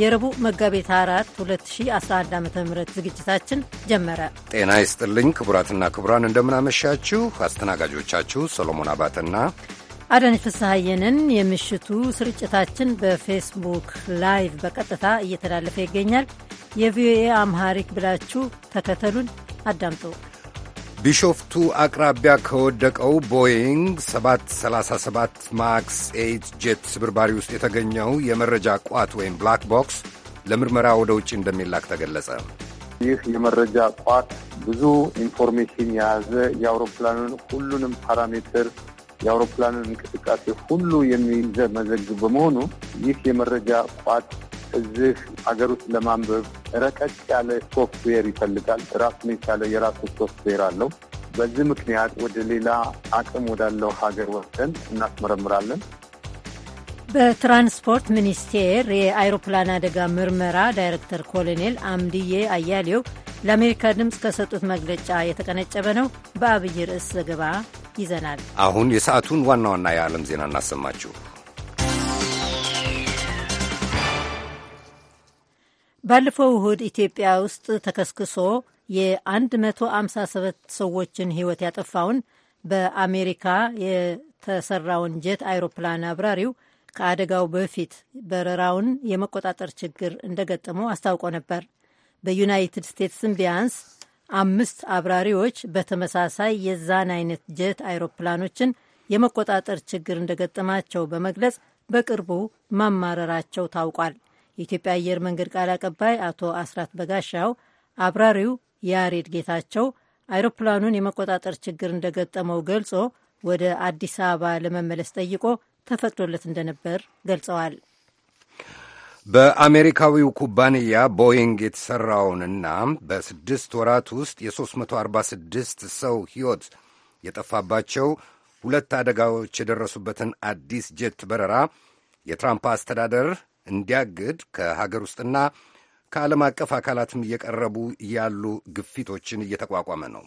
የረቡዕ መጋቢት 4 2011 ዓ ም ዝግጅታችን ጀመረ። ጤና ይስጥልኝ ክቡራትና ክቡራን፣ እንደምናመሻችሁ። አስተናጋጆቻችሁ ሰሎሞን አባተና አዳነች ፍስሐየንን። የምሽቱ ስርጭታችን በፌስቡክ ላይቭ በቀጥታ እየተላለፈ ይገኛል። የቪኦኤ አምሃሪክ ብላችሁ ተከተሉን፣ አዳምጡ። ቢሾፍቱ አቅራቢያ ከወደቀው ቦይንግ 737 ማክስ 8 ጄት ስብርባሪ ውስጥ የተገኘው የመረጃ ቋት ወይም ብላክ ቦክስ ለምርመራ ወደ ውጭ እንደሚላክ ተገለጸ። ይህ የመረጃ ቋት ብዙ ኢንፎርሜሽን የያዘ የአውሮፕላኑን ሁሉንም ፓራሜትር የአውሮፕላኑን እንቅስቃሴ ሁሉ የሚዘመዘግብ በመሆኑ ይህ የመረጃ ቋት እዚህ አገር ውስጥ ለማንበብ ረቀቅ ያለ ሶፍትዌር ይፈልጋል። ራሱን የቻለ የራሱ ሶፍትዌር አለው። በዚህ ምክንያት ወደ ሌላ አቅም ወዳለው ሀገር ወስደን እናስመረምራለን። በትራንስፖርት ሚኒስቴር የአይሮፕላን አደጋ ምርመራ ዳይሬክተር ኮሎኔል አምድዬ አያሌው ለአሜሪካ ድምፅ ከሰጡት መግለጫ የተቀነጨበ ነው። በአብይ ርዕስ ዘገባ ይዘናል። አሁን የሰዓቱን ዋና ዋና የዓለም ዜና እናሰማችሁ። ባለፈው እሁድ ኢትዮጵያ ውስጥ ተከስክሶ የ157 ሰዎችን ሕይወት ያጠፋውን በአሜሪካ የተሰራውን ጀት አይሮፕላን አብራሪው ከአደጋው በፊት በረራውን የመቆጣጠር ችግር እንደገጠመው አስታውቆ ነበር። በዩናይትድ ስቴትስም ቢያንስ አምስት አብራሪዎች በተመሳሳይ የዛን አይነት ጀት አይሮፕላኖችን የመቆጣጠር ችግር እንደገጠማቸው በመግለጽ በቅርቡ ማማረራቸው ታውቋል። የኢትዮጵያ አየር መንገድ ቃል አቀባይ አቶ አስራት በጋሻው አብራሪው ያሬድ ጌታቸው አይሮፕላኑን የመቆጣጠር ችግር እንደገጠመው ገልጾ ወደ አዲስ አበባ ለመመለስ ጠይቆ ተፈቅዶለት እንደነበር ገልጸዋል። በአሜሪካዊው ኩባንያ ቦይንግ የተሠራውንና በስድስት ወራት ውስጥ የ346 ሰው ሕይወት የጠፋባቸው ሁለት አደጋዎች የደረሱበትን አዲስ ጄት በረራ የትራምፕ አስተዳደር እንዲያግድ ከሀገር ውስጥና ከዓለም አቀፍ አካላትም እየቀረቡ ያሉ ግፊቶችን እየተቋቋመ ነው።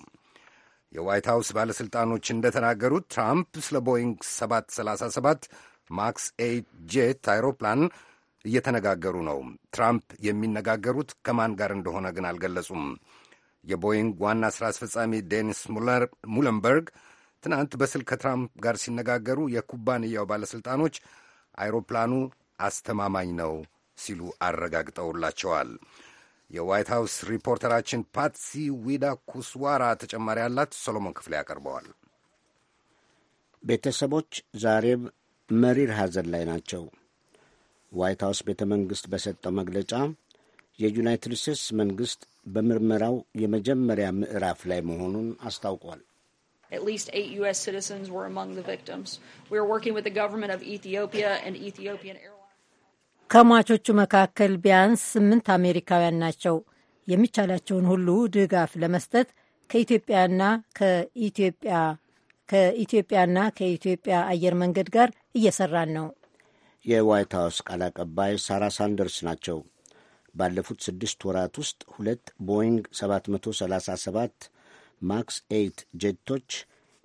የዋይት ሀውስ ባለሥልጣኖች እንደተናገሩት ትራምፕ ስለ ቦይንግ 737 ማክስ ኤይት ጄት አይሮፕላን እየተነጋገሩ ነው። ትራምፕ የሚነጋገሩት ከማን ጋር እንደሆነ ግን አልገለጹም። የቦይንግ ዋና ሥራ አስፈጻሚ ዴኒስ ሙለንበርግ ትናንት በስልክ ከትራምፕ ጋር ሲነጋገሩ የኩባንያው ባለሥልጣኖች አይሮፕላኑ አስተማማኝ ነው ሲሉ አረጋግጠውላቸዋል። የዋይት ሀውስ ሪፖርተራችን ፓትሲ ዊዳ ኩስዋራ ተጨማሪ ያላት ሰሎሞን ክፍሌ ያቀርበዋል። ቤተሰቦች ዛሬም መሪር ሐዘን ላይ ናቸው። ዋይት ሀውስ ቤተ መንግሥት በሰጠው መግለጫ የዩናይትድ ስቴትስ መንግሥት በምርመራው የመጀመሪያ ምዕራፍ ላይ መሆኑን አስታውቋል። ከሟቾቹ መካከል ቢያንስ ስምንት አሜሪካውያን ናቸው። የሚቻላቸውን ሁሉ ድጋፍ ለመስጠት ከኢትዮጵያና ከኢትዮጵያ ከኢትዮጵያና ከኢትዮጵያ አየር መንገድ ጋር እየሰራን ነው። የዋይት ሀውስ ቃል አቀባይ ሳራ ሳንደርስ ናቸው። ባለፉት ስድስት ወራት ውስጥ ሁለት ቦይንግ 737 ማክስ 8 ጄቶች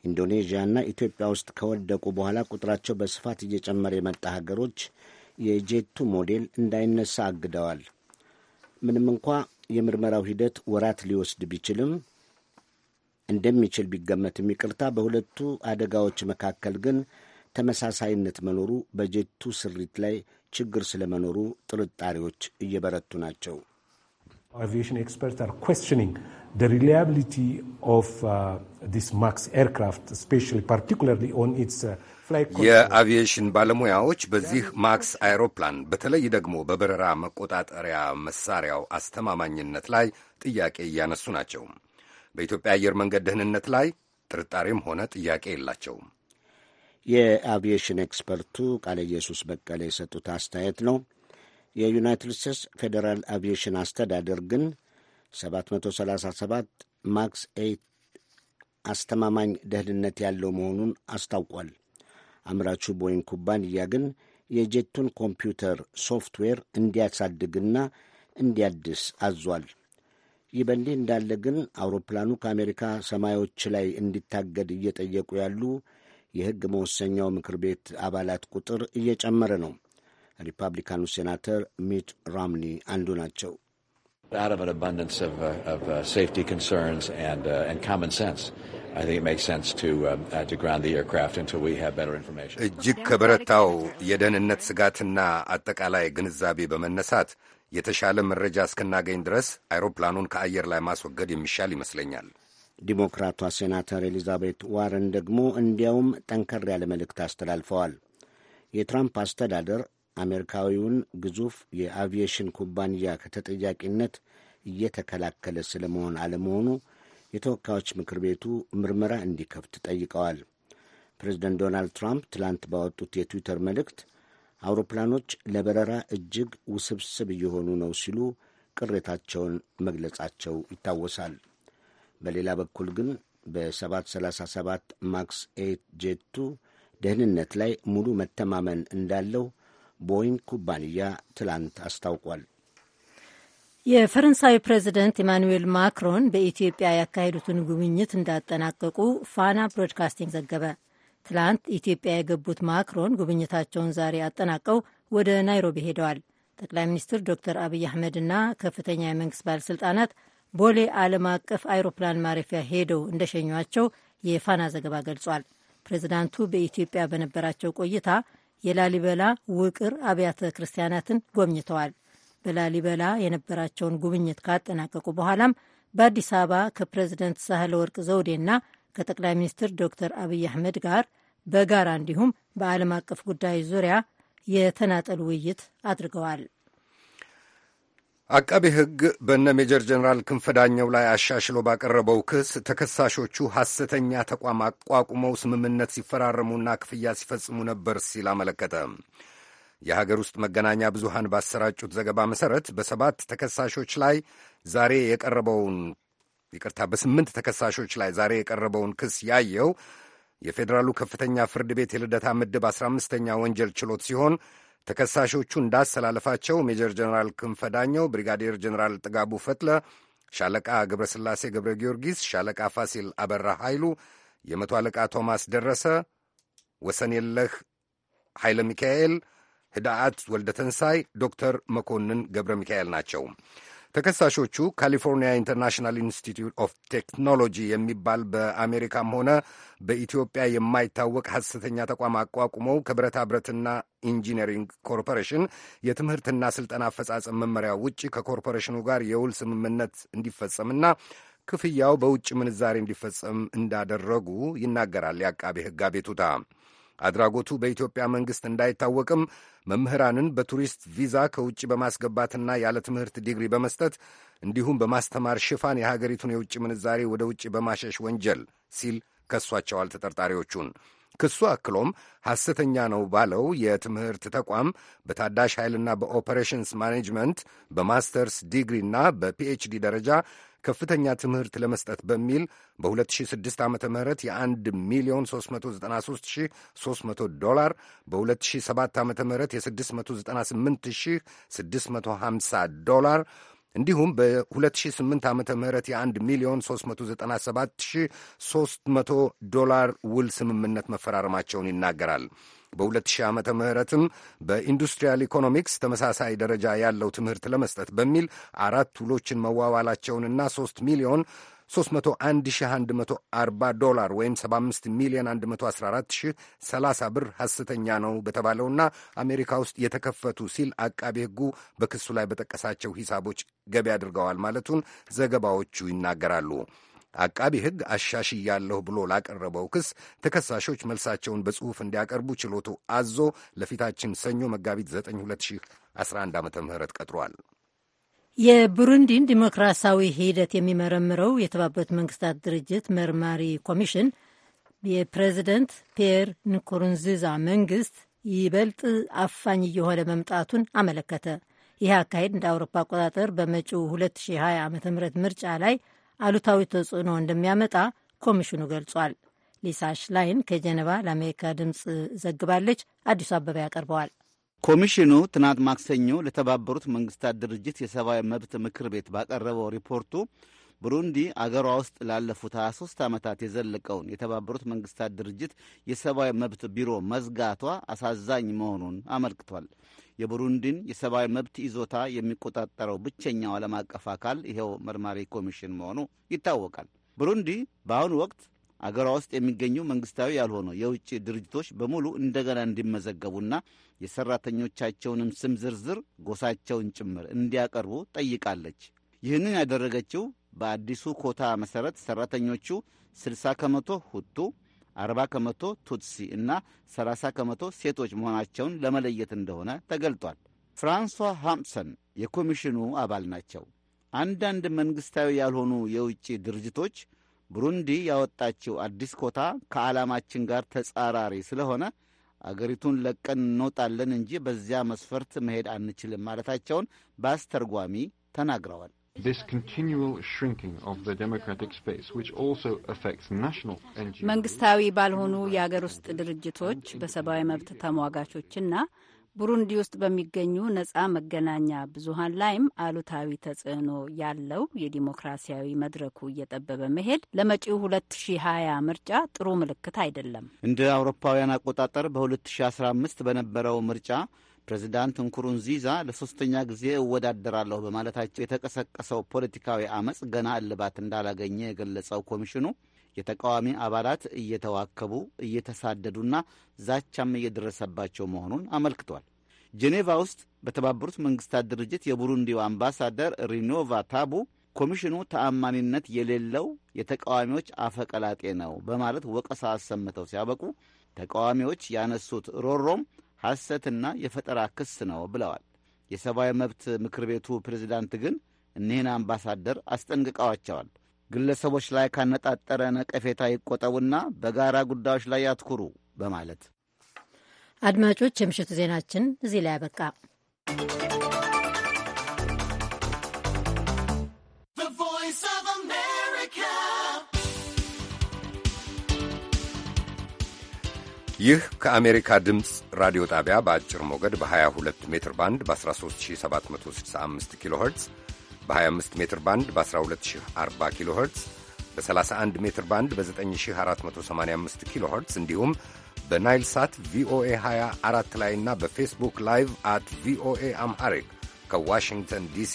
ኢንዶኔዥያና ኢትዮጵያ ውስጥ ከወደቁ በኋላ ቁጥራቸው በስፋት እየጨመረ የመጣ ሀገሮች የጄቱ ሞዴል እንዳይነሳ አግደዋል። ምንም እንኳ የምርመራው ሂደት ወራት ሊወስድ ቢችልም እንደሚችል ቢገመትም ይቅርታ፣ በሁለቱ አደጋዎች መካከል ግን ተመሳሳይነት መኖሩ በጀቱ ስሪት ላይ ችግር ስለመኖሩ ጥርጣሬዎች እየበረቱ ናቸው። ማክስ ኤርክራፍት ስፔሻሊ ፓርቲኩላርሊ ኦን ኢትስ የአቪዬሽን ባለሙያዎች በዚህ ማክስ አይሮፕላን በተለይ ደግሞ በበረራ መቆጣጠሪያ መሳሪያው አስተማማኝነት ላይ ጥያቄ እያነሱ ናቸው። በኢትዮጵያ አየር መንገድ ደህንነት ላይ ጥርጣሬም ሆነ ጥያቄ የላቸውም። የአቪዬሽን ኤክስፐርቱ ቃለ ኢየሱስ በቀለ የሰጡት አስተያየት ነው። የዩናይትድ ስቴትስ ፌዴራል አቪዬሽን አስተዳደር ግን 737 ማክስ ኤይት አስተማማኝ ደህንነት ያለው መሆኑን አስታውቋል። አምራቹ ቦይንግ ኩባንያ ግን የጄቱን ኮምፒውተር ሶፍትዌር እንዲያሳድግና እንዲያድስ አዟል። ይህ በእንዲህ እንዳለ ግን አውሮፕላኑ ከአሜሪካ ሰማዮች ላይ እንዲታገድ እየጠየቁ ያሉ የሕግ መወሰኛው ምክር ቤት አባላት ቁጥር እየጨመረ ነው። ሪፐብሊካኑ ሴናተር ሚት ራምኒ አንዱ ናቸው። Out of an abundance of, uh, of uh, safety concerns and, uh, and common sense. Um, uh, እጅግ ከበረታው የደህንነት ስጋትና አጠቃላይ ግንዛቤ በመነሳት የተሻለ መረጃ እስክናገኝ ድረስ አይሮፕላኑን ከአየር ላይ ማስወገድ የሚሻል ይመስለኛል። ዲሞክራቷ ሴናተር ኤሊዛቤት ዋረን ደግሞ እንዲያውም ጠንከር ያለ መልእክት አስተላልፈዋል። የትራምፕ አስተዳደር አሜሪካዊውን ግዙፍ የአቪዬሽን ኩባንያ ከተጠያቂነት እየተከላከለ ስለመሆን አለመሆኑ የተወካዮች ምክር ቤቱ ምርመራ እንዲከፍት ጠይቀዋል። ፕሬዝደንት ዶናልድ ትራምፕ ትላንት ባወጡት የትዊተር መልእክት አውሮፕላኖች ለበረራ እጅግ ውስብስብ እየሆኑ ነው ሲሉ ቅሬታቸውን መግለጻቸው ይታወሳል። በሌላ በኩል ግን በ737 ማክስ ኤት ጄቱ ደህንነት ላይ ሙሉ መተማመን እንዳለው ቦይንግ ኩባንያ ትላንት አስታውቋል። የፈረንሳዩ ፕሬዚደንት ኢማኑዌል ማክሮን በኢትዮጵያ ያካሄዱትን ጉብኝት እንዳጠናቀቁ ፋና ብሮድካስቲንግ ዘገበ። ትላንት ኢትዮጵያ የገቡት ማክሮን ጉብኝታቸውን ዛሬ አጠናቀው ወደ ናይሮቢ ሄደዋል። ጠቅላይ ሚኒስትር ዶክተር አብይ አህመድና ከፍተኛ የመንግስት ባለሥልጣናት ቦሌ ዓለም አቀፍ አይሮፕላን ማረፊያ ሄደው እንደሸኟቸው የፋና ዘገባ ገልጿል። ፕሬዚዳንቱ በኢትዮጵያ በነበራቸው ቆይታ የላሊበላ ውቅር አብያተ ክርስቲያናትን ጎብኝተዋል። በላሊበላ የነበራቸውን ጉብኝት ካጠናቀቁ በኋላም በአዲስ አበባ ከፕሬዚደንት ሳህለ ወርቅ ዘውዴና ከጠቅላይ ሚኒስትር ዶክተር አብይ አህመድ ጋር በጋራ እንዲሁም በዓለም አቀፍ ጉዳዮች ዙሪያ የተናጠል ውይይት አድርገዋል። አቃቤ ሕግ በነ ሜጀር ጀኔራል ክንፈ ዳኘው ላይ አሻሽሎ ባቀረበው ክስ ተከሳሾቹ ሐሰተኛ ተቋም አቋቁመው ስምምነት ሲፈራረሙና ክፍያ ሲፈጽሙ ነበር ሲል አመለከተ። የሀገር ውስጥ መገናኛ ብዙሃን ባሰራጩት ዘገባ መሠረት በሰባት ተከሳሾች ላይ ዛሬ የቀረበውን ይቅርታ፣ በስምንት ተከሳሾች ላይ ዛሬ የቀረበውን ክስ ያየው የፌዴራሉ ከፍተኛ ፍርድ ቤት የልደታ ምድብ 15ኛ ወንጀል ችሎት ሲሆን ተከሳሾቹ እንዳሰላለፋቸው ሜጀር ጀነራል ክንፈ ዳኘው፣ ብሪጋዴር ጀነራል ጥጋቡ ፈትለ፣ ሻለቃ ገብረስላሴ ገብረ ጊዮርጊስ፣ ሻለቃ ፋሲል አበራ ኃይሉ፣ የመቶ አለቃ ቶማስ ደረሰ፣ ወሰን የለህ ኃይለ ሚካኤል፣ ህድአት ወልደ ተንሳይ፣ ዶክተር መኮንን ገብረ ሚካኤል ናቸው። ተከሳሾቹ ካሊፎርኒያ ኢንተርናሽናል ኢንስቲትዩት ኦፍ ቴክኖሎጂ የሚባል በአሜሪካም ሆነ በኢትዮጵያ የማይታወቅ ሐሰተኛ ተቋም አቋቁመው ከብረታ ብረትና ኢንጂነሪንግ ኮርፖሬሽን የትምህርትና ስልጠና አፈጻጸም መመሪያ ውጭ ከኮርፖሬሽኑ ጋር የውል ስምምነት እንዲፈጸምና ክፍያው በውጭ ምንዛሬ እንዲፈጸም እንዳደረጉ ይናገራል የአቃቤ ሕግ አቤቱታ። አድራጎቱ በኢትዮጵያ መንግሥት እንዳይታወቅም መምህራንን በቱሪስት ቪዛ ከውጭ በማስገባትና ያለ ትምህርት ዲግሪ በመስጠት እንዲሁም በማስተማር ሽፋን የሀገሪቱን የውጭ ምንዛሬ ወደ ውጭ በማሸሽ ወንጀል ሲል ከሷቸዋል ተጠርጣሪዎቹን። ክሱ አክሎም ሐሰተኛ ነው ባለው የትምህርት ተቋም በታዳሽ ኃይልና በኦፐሬሽንስ ማኔጅመንት በማስተርስ ዲግሪና በፒኤችዲ ደረጃ ከፍተኛ ትምህርት ለመስጠት በሚል በ2006 ዓ ም የ1 ሚሊዮን 393300 ዶላር በ2007 ዓ ም የ698650 ዶላር እንዲሁም በ2008 ዓ ም የ1 ሚሊዮን 397300 ዶላር ውል ስምምነት መፈራረማቸውን ይናገራል። በ2000 ዓመተ ምህረትም በኢንዱስትሪያል ኢኮኖሚክስ ተመሳሳይ ደረጃ ያለው ትምህርት ለመስጠት በሚል አራት ውሎችን መዋዋላቸውንና 3 ሚሊዮን 301140 ዶላር ወይም 75 ሚሊዮን 114030 ብር ሐሰተኛ ነው በተባለውና አሜሪካ ውስጥ የተከፈቱ ሲል አቃቤ ሕጉ በክሱ ላይ በጠቀሳቸው ሂሳቦች ገቢ አድርገዋል ማለቱን ዘገባዎቹ ይናገራሉ። አቃቢ ሕግ አሻሽያለሁ ብሎ ላቀረበው ክስ ተከሳሾች መልሳቸውን በጽሑፍ እንዲያቀርቡ ችሎቱ አዞ ለፊታችን ሰኞ መጋቢት 9 2011 ዓ ም ቀጥሯል። የቡሩንዲን ዲሞክራሲያዊ ሂደት የሚመረምረው የተባበሩት መንግስታት ድርጅት መርማሪ ኮሚሽን የፕሬዚደንት ፒየር ንኩሩንዚዛ መንግስት ይበልጥ አፋኝ እየሆነ መምጣቱን አመለከተ። ይህ አካሄድ እንደ አውሮፓ አቆጣጠር በመጪው 2020 ዓ ም ምርጫ ላይ አሉታዊ ተጽዕኖ እንደሚያመጣ ኮሚሽኑ ገልጿል። ሊሳ ሽላይን ከጀነባ ለአሜሪካ ድምፅ ዘግባለች። አዲሱ አበባ ያቀርበዋል። ኮሚሽኑ ትናንት ማክሰኞ ለተባበሩት መንግስታት ድርጅት የሰብአዊ መብት ምክር ቤት ባቀረበው ሪፖርቱ ብሩንዲ አገሯ ውስጥ ላለፉት 23 ዓመታት የዘለቀውን የተባበሩት መንግስታት ድርጅት የሰብአዊ መብት ቢሮ መዝጋቷ አሳዛኝ መሆኑን አመልክቷል። የቡሩንዲን የሰብአዊ መብት ይዞታ የሚቆጣጠረው ብቸኛው ዓለም አቀፍ አካል ይኸው መርማሪ ኮሚሽን መሆኑ ይታወቃል። ቡሩንዲ በአሁኑ ወቅት አገሯ ውስጥ የሚገኙ መንግስታዊ ያልሆኑ የውጭ ድርጅቶች በሙሉ እንደገና እንዲመዘገቡና የሰራተኞቻቸውንም ስም ዝርዝር፣ ጎሳቸውን ጭምር እንዲያቀርቡ ጠይቃለች። ይህንን ያደረገችው በአዲሱ ኮታ መሠረት ሰራተኞቹ 60 ከመቶ ሁቱ 40 ከመቶ ቱትሲ እና 30 ከመቶ ሴቶች መሆናቸውን ለመለየት እንደሆነ ተገልጧል። ፍራንሷ ሃምፕሰን የኮሚሽኑ አባል ናቸው። አንዳንድ መንግሥታዊ ያልሆኑ የውጭ ድርጅቶች ብሩንዲ ያወጣችው አዲስ ኮታ ከዓላማችን ጋር ተጻራሪ ስለሆነ አገሪቱን ለቀን እንወጣለን እንጂ በዚያ መስፈርት መሄድ አንችልም ማለታቸውን በአስተርጓሚ ተናግረዋል። መንግስታዊ ባልሆኑ የአገር ውስጥ ድርጅቶች በሰብአዊ መብት ተሟጋቾችና ቡሩንዲ ውስጥ በሚገኙ ነጻ መገናኛ ብዙሀን ላይም አሉታዊ ተጽዕኖ ያለው የዲሞክራሲያዊ መድረኩ እየጠበበ መሄድ ለመጪው 2020 ምርጫ ጥሩ ምልክት አይደለም። እንደ አውሮፓውያን አቆጣጠር በ2015 በነበረው ምርጫ ፕሬዚዳንት እንኩሩንዚዛ ለሶስተኛ ጊዜ እወዳደራለሁ በማለታቸው የተቀሰቀሰው ፖለቲካዊ አመፅ ገና እልባት እንዳላገኘ የገለጸው ኮሚሽኑ የተቃዋሚ አባላት እየተዋከቡ እየተሳደዱና ዛቻም እየደረሰባቸው መሆኑን አመልክቷል። ጄኔቫ ውስጥ በተባበሩት መንግስታት ድርጅት የቡሩንዲው አምባሳደር ሪኖቫ ታቡ ኮሚሽኑ ተአማኒነት የሌለው የተቃዋሚዎች አፈቀላጤ ነው በማለት ወቀሳ አሰምተው ሲያበቁ ተቃዋሚዎች ያነሱት ሮሮም ሐሰትና የፈጠራ ክስ ነው ብለዋል። የሰብአዊ መብት ምክር ቤቱ ፕሬዚዳንት ግን እኒህን አምባሳደር አስጠንቅቀዋቸዋል። ግለሰቦች ላይ ካነጣጠረ ነቀፌታ ይቆጠቡና በጋራ ጉዳዮች ላይ ያትኩሩ በማለት አድማጮች፣ የምሽቱ ዜናችን እዚህ ላይ you. ይህ ከአሜሪካ ድምፅ ራዲዮ ጣቢያ በአጭር ሞገድ በ22 ሜትር ባንድ በ13765 ኪሎ ኸርትዝ በ25 ሜትር ባንድ በ1240 ኪሎ ኸርትዝ በ31 ሜትር ባንድ በ9485 ኪሎ ኸርትዝ እንዲሁም በናይል ሳት ቪኦኤ 24 ላይ በፌስቡክ ላይቭ አት ቪኦኤ አምሐሪክ ከዋሽንግተን ዲሲ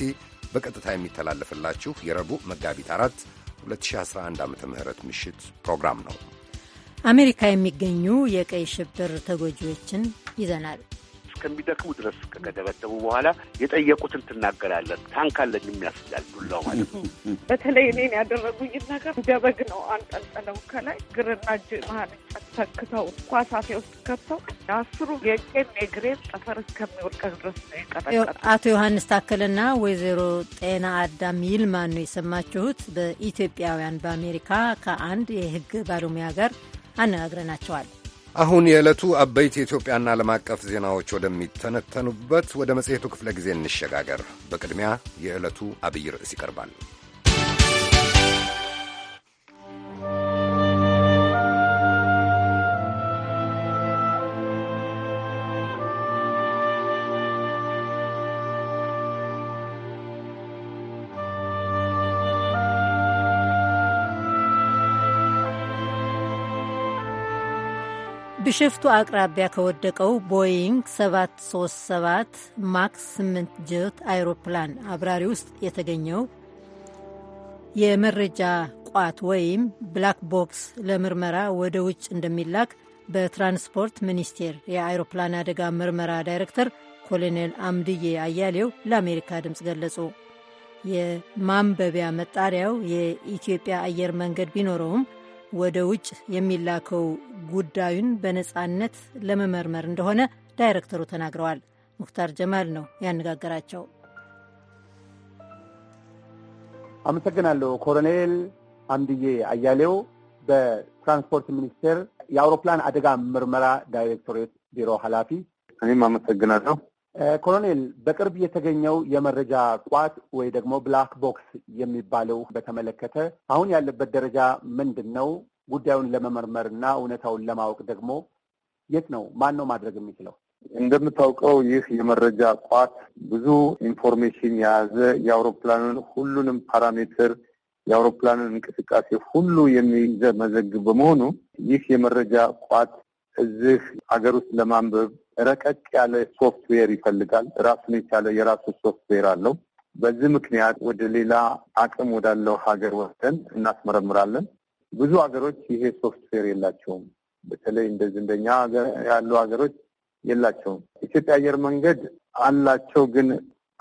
በቀጥታ የሚተላለፍላችሁ የረቡዕ መጋቢት 4 2011 ዓ ም ምሽት ፕሮግራም ነው። አሜሪካ የሚገኙ የቀይ ሽብር ተጎጂዎችን ይዘናል። እስከሚደክሙ ድረስ ከገደበደቡ በኋላ የጠየቁትን ትናገራለን። ታንክ አለን የሚያስላል ዱላው ማለት ነው። በተለይ እኔን ያደረጉኝን ነገር ደበግ ነው አንጠልጠለው ከላይ ግርና እጅ መሀል ተክተው ኳሳፌ ውስጥ ከተው አስሩ የቄም የግሬን ጠፈር እስከሚወድቅ ድረስ ነው የቀጠቀጠ። አቶ ዮሐንስ ታከልና ወይዘሮ ጤና አዳም ይልማን ነው የሰማችሁት። በኢትዮጵያውያን በአሜሪካ ከአንድ የህግ ባለሙያ ጋር አነጋግረናቸዋል። አሁን የዕለቱ አበይት የኢትዮጵያና ዓለም አቀፍ ዜናዎች ወደሚተነተኑበት ወደ መጽሔቱ ክፍለ ጊዜ እንሸጋገር። በቅድሚያ የዕለቱ አብይ ርዕስ ይቀርባል። ብሸፍቱ አቅራቢያ ከወደቀው ቦይንግ 737 ማክስ 8 ጀት አይሮፕላን አብራሪ ውስጥ የተገኘው የመረጃ ቋት ወይም ብላክ ቦክስ ለምርመራ ወደ ውጭ እንደሚላክ በትራንስፖርት ሚኒስቴር የአይሮፕላን አደጋ ምርመራ ዳይሬክተር ኮሎኔል አምድዬ አያሌው ለአሜሪካ ድምፅ ገለጹ። የማንበቢያ መጣሪያው የኢትዮጵያ አየር መንገድ ቢኖረውም ወደ ውጭ የሚላከው ጉዳዩን በነፃነት ለመመርመር እንደሆነ ዳይሬክተሩ ተናግረዋል። ሙክታር ጀማል ነው ያነጋገራቸው። አመሰግናለሁ። ኮሎኔል አምድዬ አያሌው በትራንስፖርት ሚኒስቴር የአውሮፕላን አደጋ ምርመራ ዳይሬክቶሬት ቢሮ ኃላፊ። እኔም አመሰግናለሁ። ኮሎኔል በቅርብ የተገኘው የመረጃ ቋት ወይ ደግሞ ብላክ ቦክስ የሚባለው በተመለከተ አሁን ያለበት ደረጃ ምንድን ነው? ጉዳዩን ለመመርመር እና እውነታውን ለማወቅ ደግሞ የት ነው ማን ነው ማድረግ የሚችለው? እንደምታውቀው ይህ የመረጃ ቋት ብዙ ኢንፎርሜሽን የያዘ የአውሮፕላንን ሁሉንም ፓራሜትር የአውሮፕላንን እንቅስቃሴ ሁሉ የሚመዘግብ በመሆኑ ይህ የመረጃ ቋት እዚህ ሀገር ውስጥ ለማንበብ ረቀቅ ያለ ሶፍትዌር ይፈልጋል። ራሱን የቻለ የራሱ ሶፍትዌር አለው። በዚህ ምክንያት ወደ ሌላ አቅም ወዳለው ሀገር ወስደን እናስመረምራለን። ብዙ ሀገሮች ይሄ ሶፍትዌር የላቸውም። በተለይ እንደዚህ እንደኛ ያሉ ሀገሮች የላቸውም። ኢትዮጵያ አየር መንገድ አላቸው፣ ግን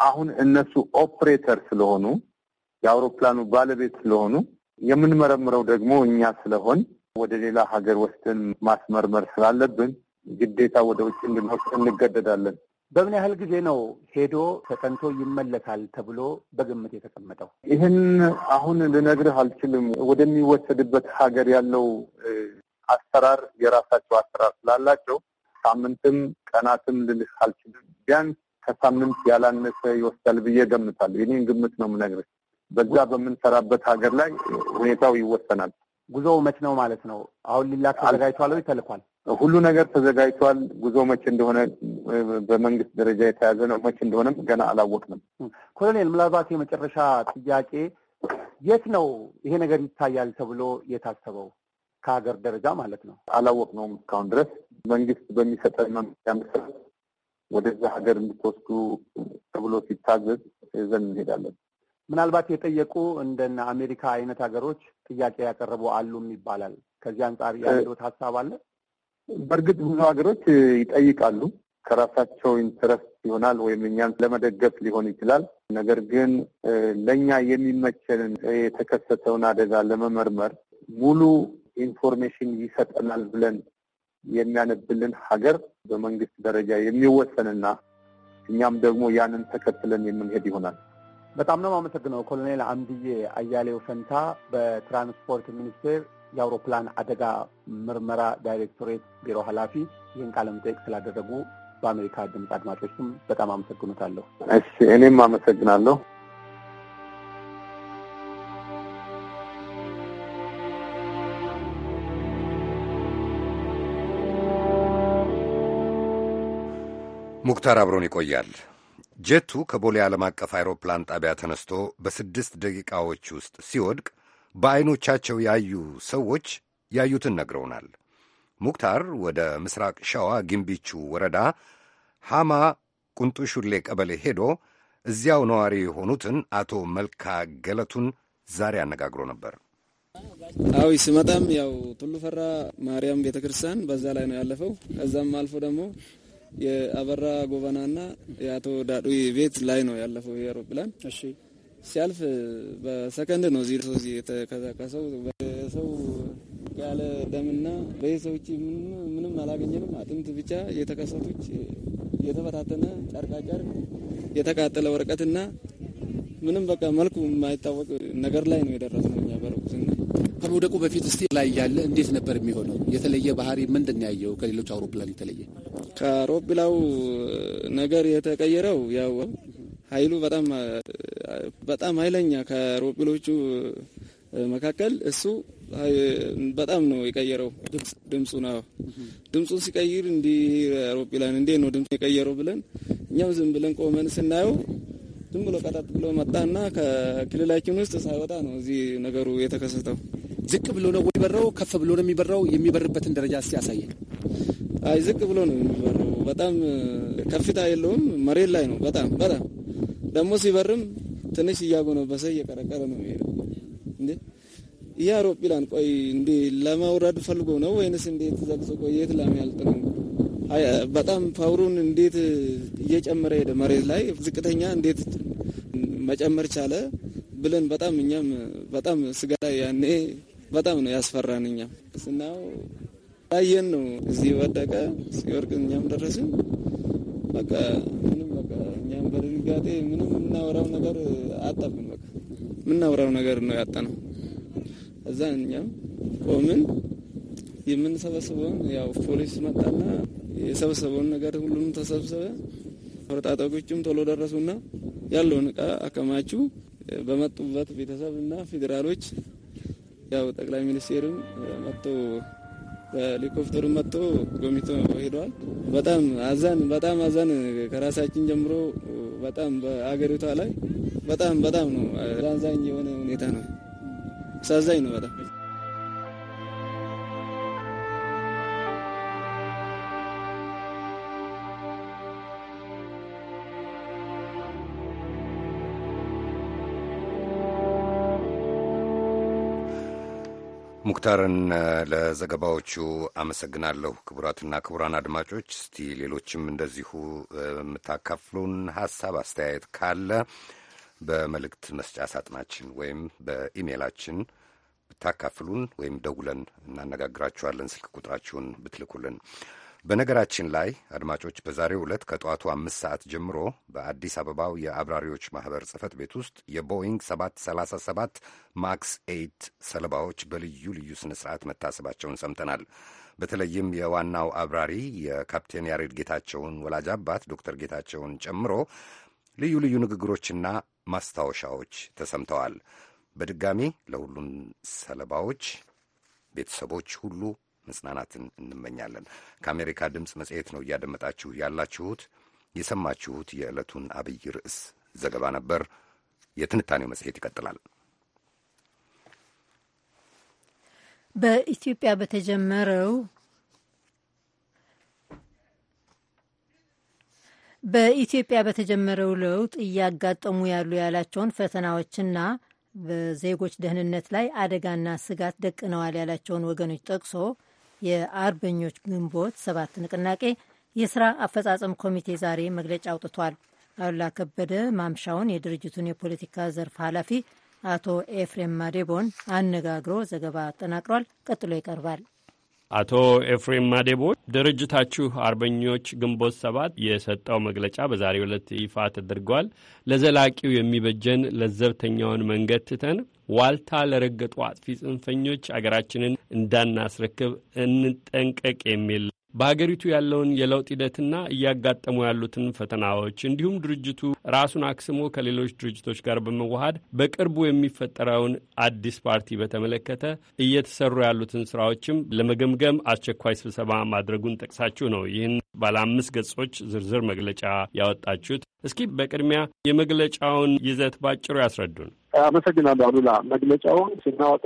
አሁን እነሱ ኦፕሬተር ስለሆኑ የአውሮፕላኑ ባለቤት ስለሆኑ የምንመረምረው ደግሞ እኛ ስለሆን ወደ ሌላ ሀገር ወስደን ማስመርመር ስላለብን ግዴታ ወደ ውጭ እንድንወስድ እንገደዳለን። በምን ያህል ጊዜ ነው ሄዶ ተጠንቶ ይመለሳል ተብሎ በግምት የተቀመጠው? ይህን አሁን ልነግርህ አልችልም። ወደሚወሰድበት ሀገር ያለው አሰራር የራሳቸው አሰራር ስላላቸው ሳምንትም ቀናትም ልልህ አልችልም። ቢያንስ ከሳምንት ያላነሰ ይወስዳል ብዬ ገምታለሁ። የኔን ግምት ነው የምነግርህ። በዛ በምንሰራበት ሀገር ላይ ሁኔታው ይወሰናል። ጉዞው መች ነው ማለት ነው? አሁን ሊላክ ተዘጋጅቷል ወይ ተልኳል? ሁሉ ነገር ተዘጋጅቷል። ጉዞ መቼ እንደሆነ በመንግስት ደረጃ የተያዘ ነው። መቼ እንደሆነም ገና አላወቅንም። ኮሎኔል፣ ምናልባት የመጨረሻ ጥያቄ የት ነው ይሄ ነገር ይታያል ተብሎ የታሰበው ከሀገር ደረጃ ማለት ነው? አላወቅነውም እስካሁን ድረስ መንግስት በሚሰጠን መመሪያ መሰረት ወደዛ ሀገር እንድትወስዱ ተብሎ ሲታዘዝ ይዘን እንሄዳለን። ምናልባት የጠየቁ እንደነ አሜሪካ አይነት ሀገሮች ጥያቄ ያቀረቡ አሉም ይባላል። ከዚህ አንጻር ያለት ሀሳብ አለ። በእርግጥ ብዙ ሀገሮች ይጠይቃሉ። ከራሳቸው ኢንትረስት ይሆናል ወይም እኛን ለመደገፍ ሊሆን ይችላል። ነገር ግን ለእኛ የሚመቸንን የተከሰተውን አደጋ ለመመርመር ሙሉ ኢንፎርሜሽን ይሰጠናል ብለን የሚያነብልን ሀገር በመንግስት ደረጃ የሚወሰንና እኛም ደግሞ ያንን ተከትለን የምንሄድ ይሆናል። በጣም ነው የማመሰግነው ኮሎኔል አምድዬ አያሌው ፈንታ በትራንስፖርት ሚኒስቴር የአውሮፕላን አደጋ ምርመራ ዳይሬክቶሬት ቢሮ ኃላፊ ይህን ቃለ መጠይቅ ስላደረጉ በአሜሪካ ድምፅ አድማጮችም በጣም አመሰግኑታለሁ። እሺ እኔም አመሰግናለሁ። ሙክታር አብሮን ይቆያል። ጀቱ ከቦሌ ዓለም አቀፍ አይሮፕላን ጣቢያ ተነስቶ በስድስት ደቂቃዎች ውስጥ ሲወድቅ በዐይኖቻቸው ያዩ ሰዎች ያዩትን ነግረውናል። ሙክታር ወደ ምስራቅ ሸዋ ግንቢቹ ወረዳ ሐማ ቁንጡሹሌ ቀበሌ ሄዶ እዚያው ነዋሪ የሆኑትን አቶ መልካ ገለቱን ዛሬ አነጋግሮ ነበር። አዊ ስመጣም ያው ቱሉ ፈራ ማርያም ቤተ ክርስቲያን በዛ ላይ ነው ያለፈው። ከዛም አልፎ ደግሞ የአበራ ጎበናና የአቶ ዳዱ ቤት ላይ ነው ያለፈው የአውሮፕላን ሲያልፍ በሰከንድ ነው ሰው የተከሰከሰው። በሰው ያለ ደምና በየሰዎች ምንም አላገኘንም። አጥንት ብቻ የተከሰቱች የተበታተነ ጨርቃጨርቅ፣ የተቃጠለ ወረቀትና ምንም በቃ መልኩ የማይታወቅ ነገር ላይ ነው የደረስነው እኛ በረኩስና ከመውደቁ በፊት እስቲ ላይ ያለ እንዴት ነበር የሚሆነው? የተለየ ባህሪ ምንድን ያየው ከሌሎች አውሮፕላን የተለየ? ከአውሮፕላው ነገር የተቀየረው ያው ኃይሉ በጣም በጣም ኃይለኛ ከአውሮፕሎቹ መካከል እሱ በጣም ነው የቀየረው። ድምፁ ነው ድምፁን ሲቀይር እንዲህ አውሮፕላን እንዴት ነው ድምፁ የቀየረው ብለን እኛው ዝም ብለን ቆመን ስናየው ዝም ብሎ ቀጠጥ ብሎ መጣና ከክልላችን ውስጥ ሳይወጣ ነው እዚህ ነገሩ የተከሰተው። ዝቅ ብሎ ነው ወይ በረው ከፍ ብሎ ነው የሚበረው? የሚበርበትን ደረጃ እስቲ ያሳየን። አይ ዝቅ ብሎ ነው የሚበረው። በጣም ከፍታ የለውም፣ መሬት ላይ ነው። በጣም በጣም ደግሞ ሲበርም ትንሽ እያጎነበሰ እየቀረቀረ ነው የሚሄደው። እንዴ ይህ አውሮፕላን ቆይ እንዴ ለማውረድ ፈልጎ ነው ወይንስ እንዴት ዘቅዝቆ የት ለሚያልጥ ነው? በጣም ፓውሩን እንዴት እየጨመረ ሄደ? መሬት ላይ ዝቅተኛ እንዴት መጨመር ቻለ ብለን በጣም እኛም በጣም ስጋ ያኔ በጣም ነው ያስፈራን። እኛም ስናው አየን ነው እዚህ ወደቀ ሲወርቅ እኛም ደረስን። በቃ ምንም በቃ እኛም በድንጋጤ ምንም የምናወራው ነገር አጣብን። በቃ የምናወራው ነገር ነው ያጣነው። እዛ እኛም ቆምን። የምንሰበስበውን ያው ፖሊስ መጣና የሰበሰበውን ነገር ሁሉም ተሰብሰበ። ወጣቶችም ቶሎ ደረሱና ያለውን እቃ አከማቹ። በመጡበት ቤተሰብ እና ፌዴራሎች ያው ጠቅላይ ሚኒስቴርም መጥቶ ሄሊኮፕተሩ መጥቶ ጎብኝቶ ሄደዋል። በጣም አዛን በጣም አዛን ከራሳችን ጀምሮ በጣም በአገሪቷ ላይ በጣም በጣም ነው አዛኝ የሆነ ሁኔታ ነው። አሳዛኝ ነው በጣም ሙክታርን ለዘገባዎቹ አመሰግናለሁ። ክቡራትና ክቡራን አድማጮች እስቲ ሌሎችም እንደዚሁ የምታካፍሉን ሀሳብ አስተያየት ካለ በመልእክት መስጫ ሳጥናችን ወይም በኢሜይላችን ብታካፍሉን ወይም ደውለን እናነጋግራችኋለን። ስልክ ቁጥራችሁን ብትልኩልን በነገራችን ላይ አድማጮች በዛሬው ዕለት ከጠዋቱ አምስት ሰዓት ጀምሮ በአዲስ አበባው የአብራሪዎች ማኅበር ጽፈት ቤት ውስጥ የቦይንግ 737 ማክስ 8 ሰለባዎች በልዩ ልዩ ሥነ ሥርዓት መታሰባቸውን ሰምተናል። በተለይም የዋናው አብራሪ የካፕቴን ያሬድ ጌታቸውን ወላጅ አባት ዶክተር ጌታቸውን ጨምሮ ልዩ ልዩ ንግግሮችና ማስታወሻዎች ተሰምተዋል። በድጋሚ ለሁሉም ሰለባዎች ቤተሰቦች ሁሉ መጽናናትን እንመኛለን። ከአሜሪካ ድምፅ መጽሔት ነው እያደመጣችሁ ያላችሁት። የሰማችሁት የዕለቱን አብይ ርዕስ ዘገባ ነበር። የትንታኔው መጽሔት ይቀጥላል። በኢትዮጵያ በተጀመረው በኢትዮጵያ በተጀመረው ለውጥ እያጋጠሙ ያሉ ያላቸውን ፈተናዎችና በዜጎች ደህንነት ላይ አደጋና ስጋት ደቅነዋል ያላቸውን ወገኖች ጠቅሶ የአርበኞች ግንቦት ሰባት ንቅናቄ የስራ አፈጻጸም ኮሚቴ ዛሬ መግለጫ አውጥቷል። አሉላ ከበደ ማምሻውን የድርጅቱን የፖለቲካ ዘርፍ ኃላፊ አቶ ኤፍሬም ማዴቦን አነጋግሮ ዘገባ አጠናቅሯል። ቀጥሎ ይቀርባል። አቶ ኤፍሬም ማዴቦ ድርጅታችሁ አርበኞች ግንቦት ሰባት የሰጠው መግለጫ በዛሬው ዕለት ይፋ ተደርጓል። ለዘላቂው የሚበጀን ለዘብተኛውን መንገድ ትተን ዋልታ ለረገጡ አጥፊ ጽንፈኞች አገራችንን እንዳናስረክብ እንጠንቀቅ የሚል በሀገሪቱ ያለውን የለውጥ ሂደትና እያጋጠሙ ያሉትን ፈተናዎች እንዲሁም ድርጅቱ ራሱን አክስሞ ከሌሎች ድርጅቶች ጋር በመዋሃድ በቅርቡ የሚፈጠረውን አዲስ ፓርቲ በተመለከተ እየተሰሩ ያሉትን ስራዎችም ለመገምገም አስቸኳይ ስብሰባ ማድረጉን ጠቅሳችሁ ነው ይህን ባለ አምስት ገጾች ዝርዝር መግለጫ ያወጣችሁት። እስኪ በቅድሚያ የመግለጫውን ይዘት ባጭሩ ያስረዱን። አመሰግናለሁ አሉላ። መግለጫውን ስናወጣ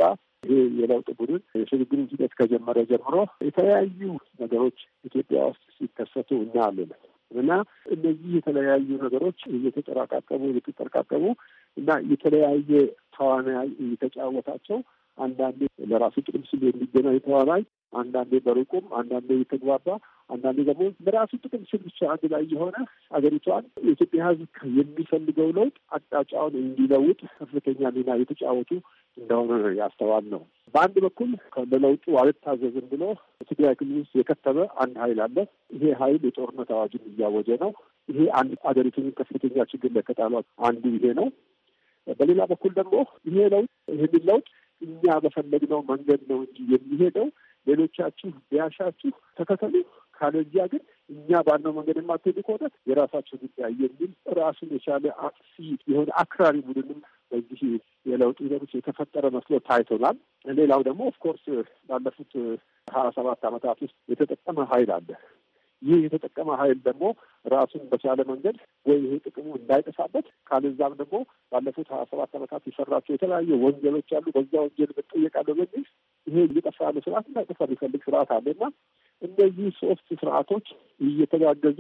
ይህ የለውጥ ቡድን የሽግግር ሂደት ከጀመረ ጀምሮ የተለያዩ ነገሮች ኢትዮጵያ ውስጥ ሲከሰቱ እናያለን እና እነዚህ የተለያዩ ነገሮች እየተጠራቃቀሙ እየተጠረቃቀሙ እና የተለያየ ተዋናይ እየተጫወታቸው አንዳንዴ ለራሱ ጥቅም ስል የሚገናኝ ተዋናይ፣ አንዳንዴ በሩቁም፣ አንዳንዴ የተግባባ፣ አንዳንዴ ደግሞ ለራሱ ጥቅም ስል ብቻ አንድ ላይ የሆነ አገሪቷን የኢትዮጵያ ሕዝብ የሚፈልገው ለውጥ አቅጣጫውን እንዲለውጥ ከፍተኛ ሚና የተጫወቱ እንደሆነ ያስተዋል ነው። በአንድ በኩል ለለውጡ አልታዘዝም ብሎ ትግራይ ክልል ውስጥ የከተበ አንድ ኃይል አለ። ይሄ ኃይል የጦርነት አዋጅን እያወጀ ነው። ይሄ አንድ አገሪቱን ከፍተኛ ችግር ለከጣሏት አንዱ ይሄ ነው። በሌላ በኩል ደግሞ ይሄ ለውጥ ይህንን ለውጥ እኛ በፈለግነው መንገድ ነው እንጂ የሚሄደው። ሌሎቻችሁ ቢያሻችሁ ተከተሉ፣ ካለዚያ ግን እኛ ባለው መንገድ የማትሄዱ ከሆነ የራሳቸው ጉዳይ የሚል ራሱን የቻለ አጥፊ የሆነ አክራሪ ቡድንም በዚህ የለውጥ ሂደት የተፈጠረ መስሎ ታይቶናል። ሌላው ደግሞ ኦፍኮርስ ባለፉት ሀያ ሰባት ዓመታት ውስጥ የተጠቀመ ኃይል አለ ይህ የተጠቀመ ኃይል ደግሞ ራሱን በቻለ መንገድ ወይ ይህ ጥቅሙ እንዳይጠፋበት ካልዛም ደግሞ ባለፉት ሀያ ሰባት ዓመታት የሰራቸው የተለያዩ ወንጀሎች አሉ፣ በዛ ወንጀል መጠየቅ አለ በሚል ይሄ እየጠፋ ያለ ስርዓት እንዳይጠፋ የሚፈልግ ስርዓት አለ እና እነዚህ ሶስት ስርዓቶች እየተጋገዙ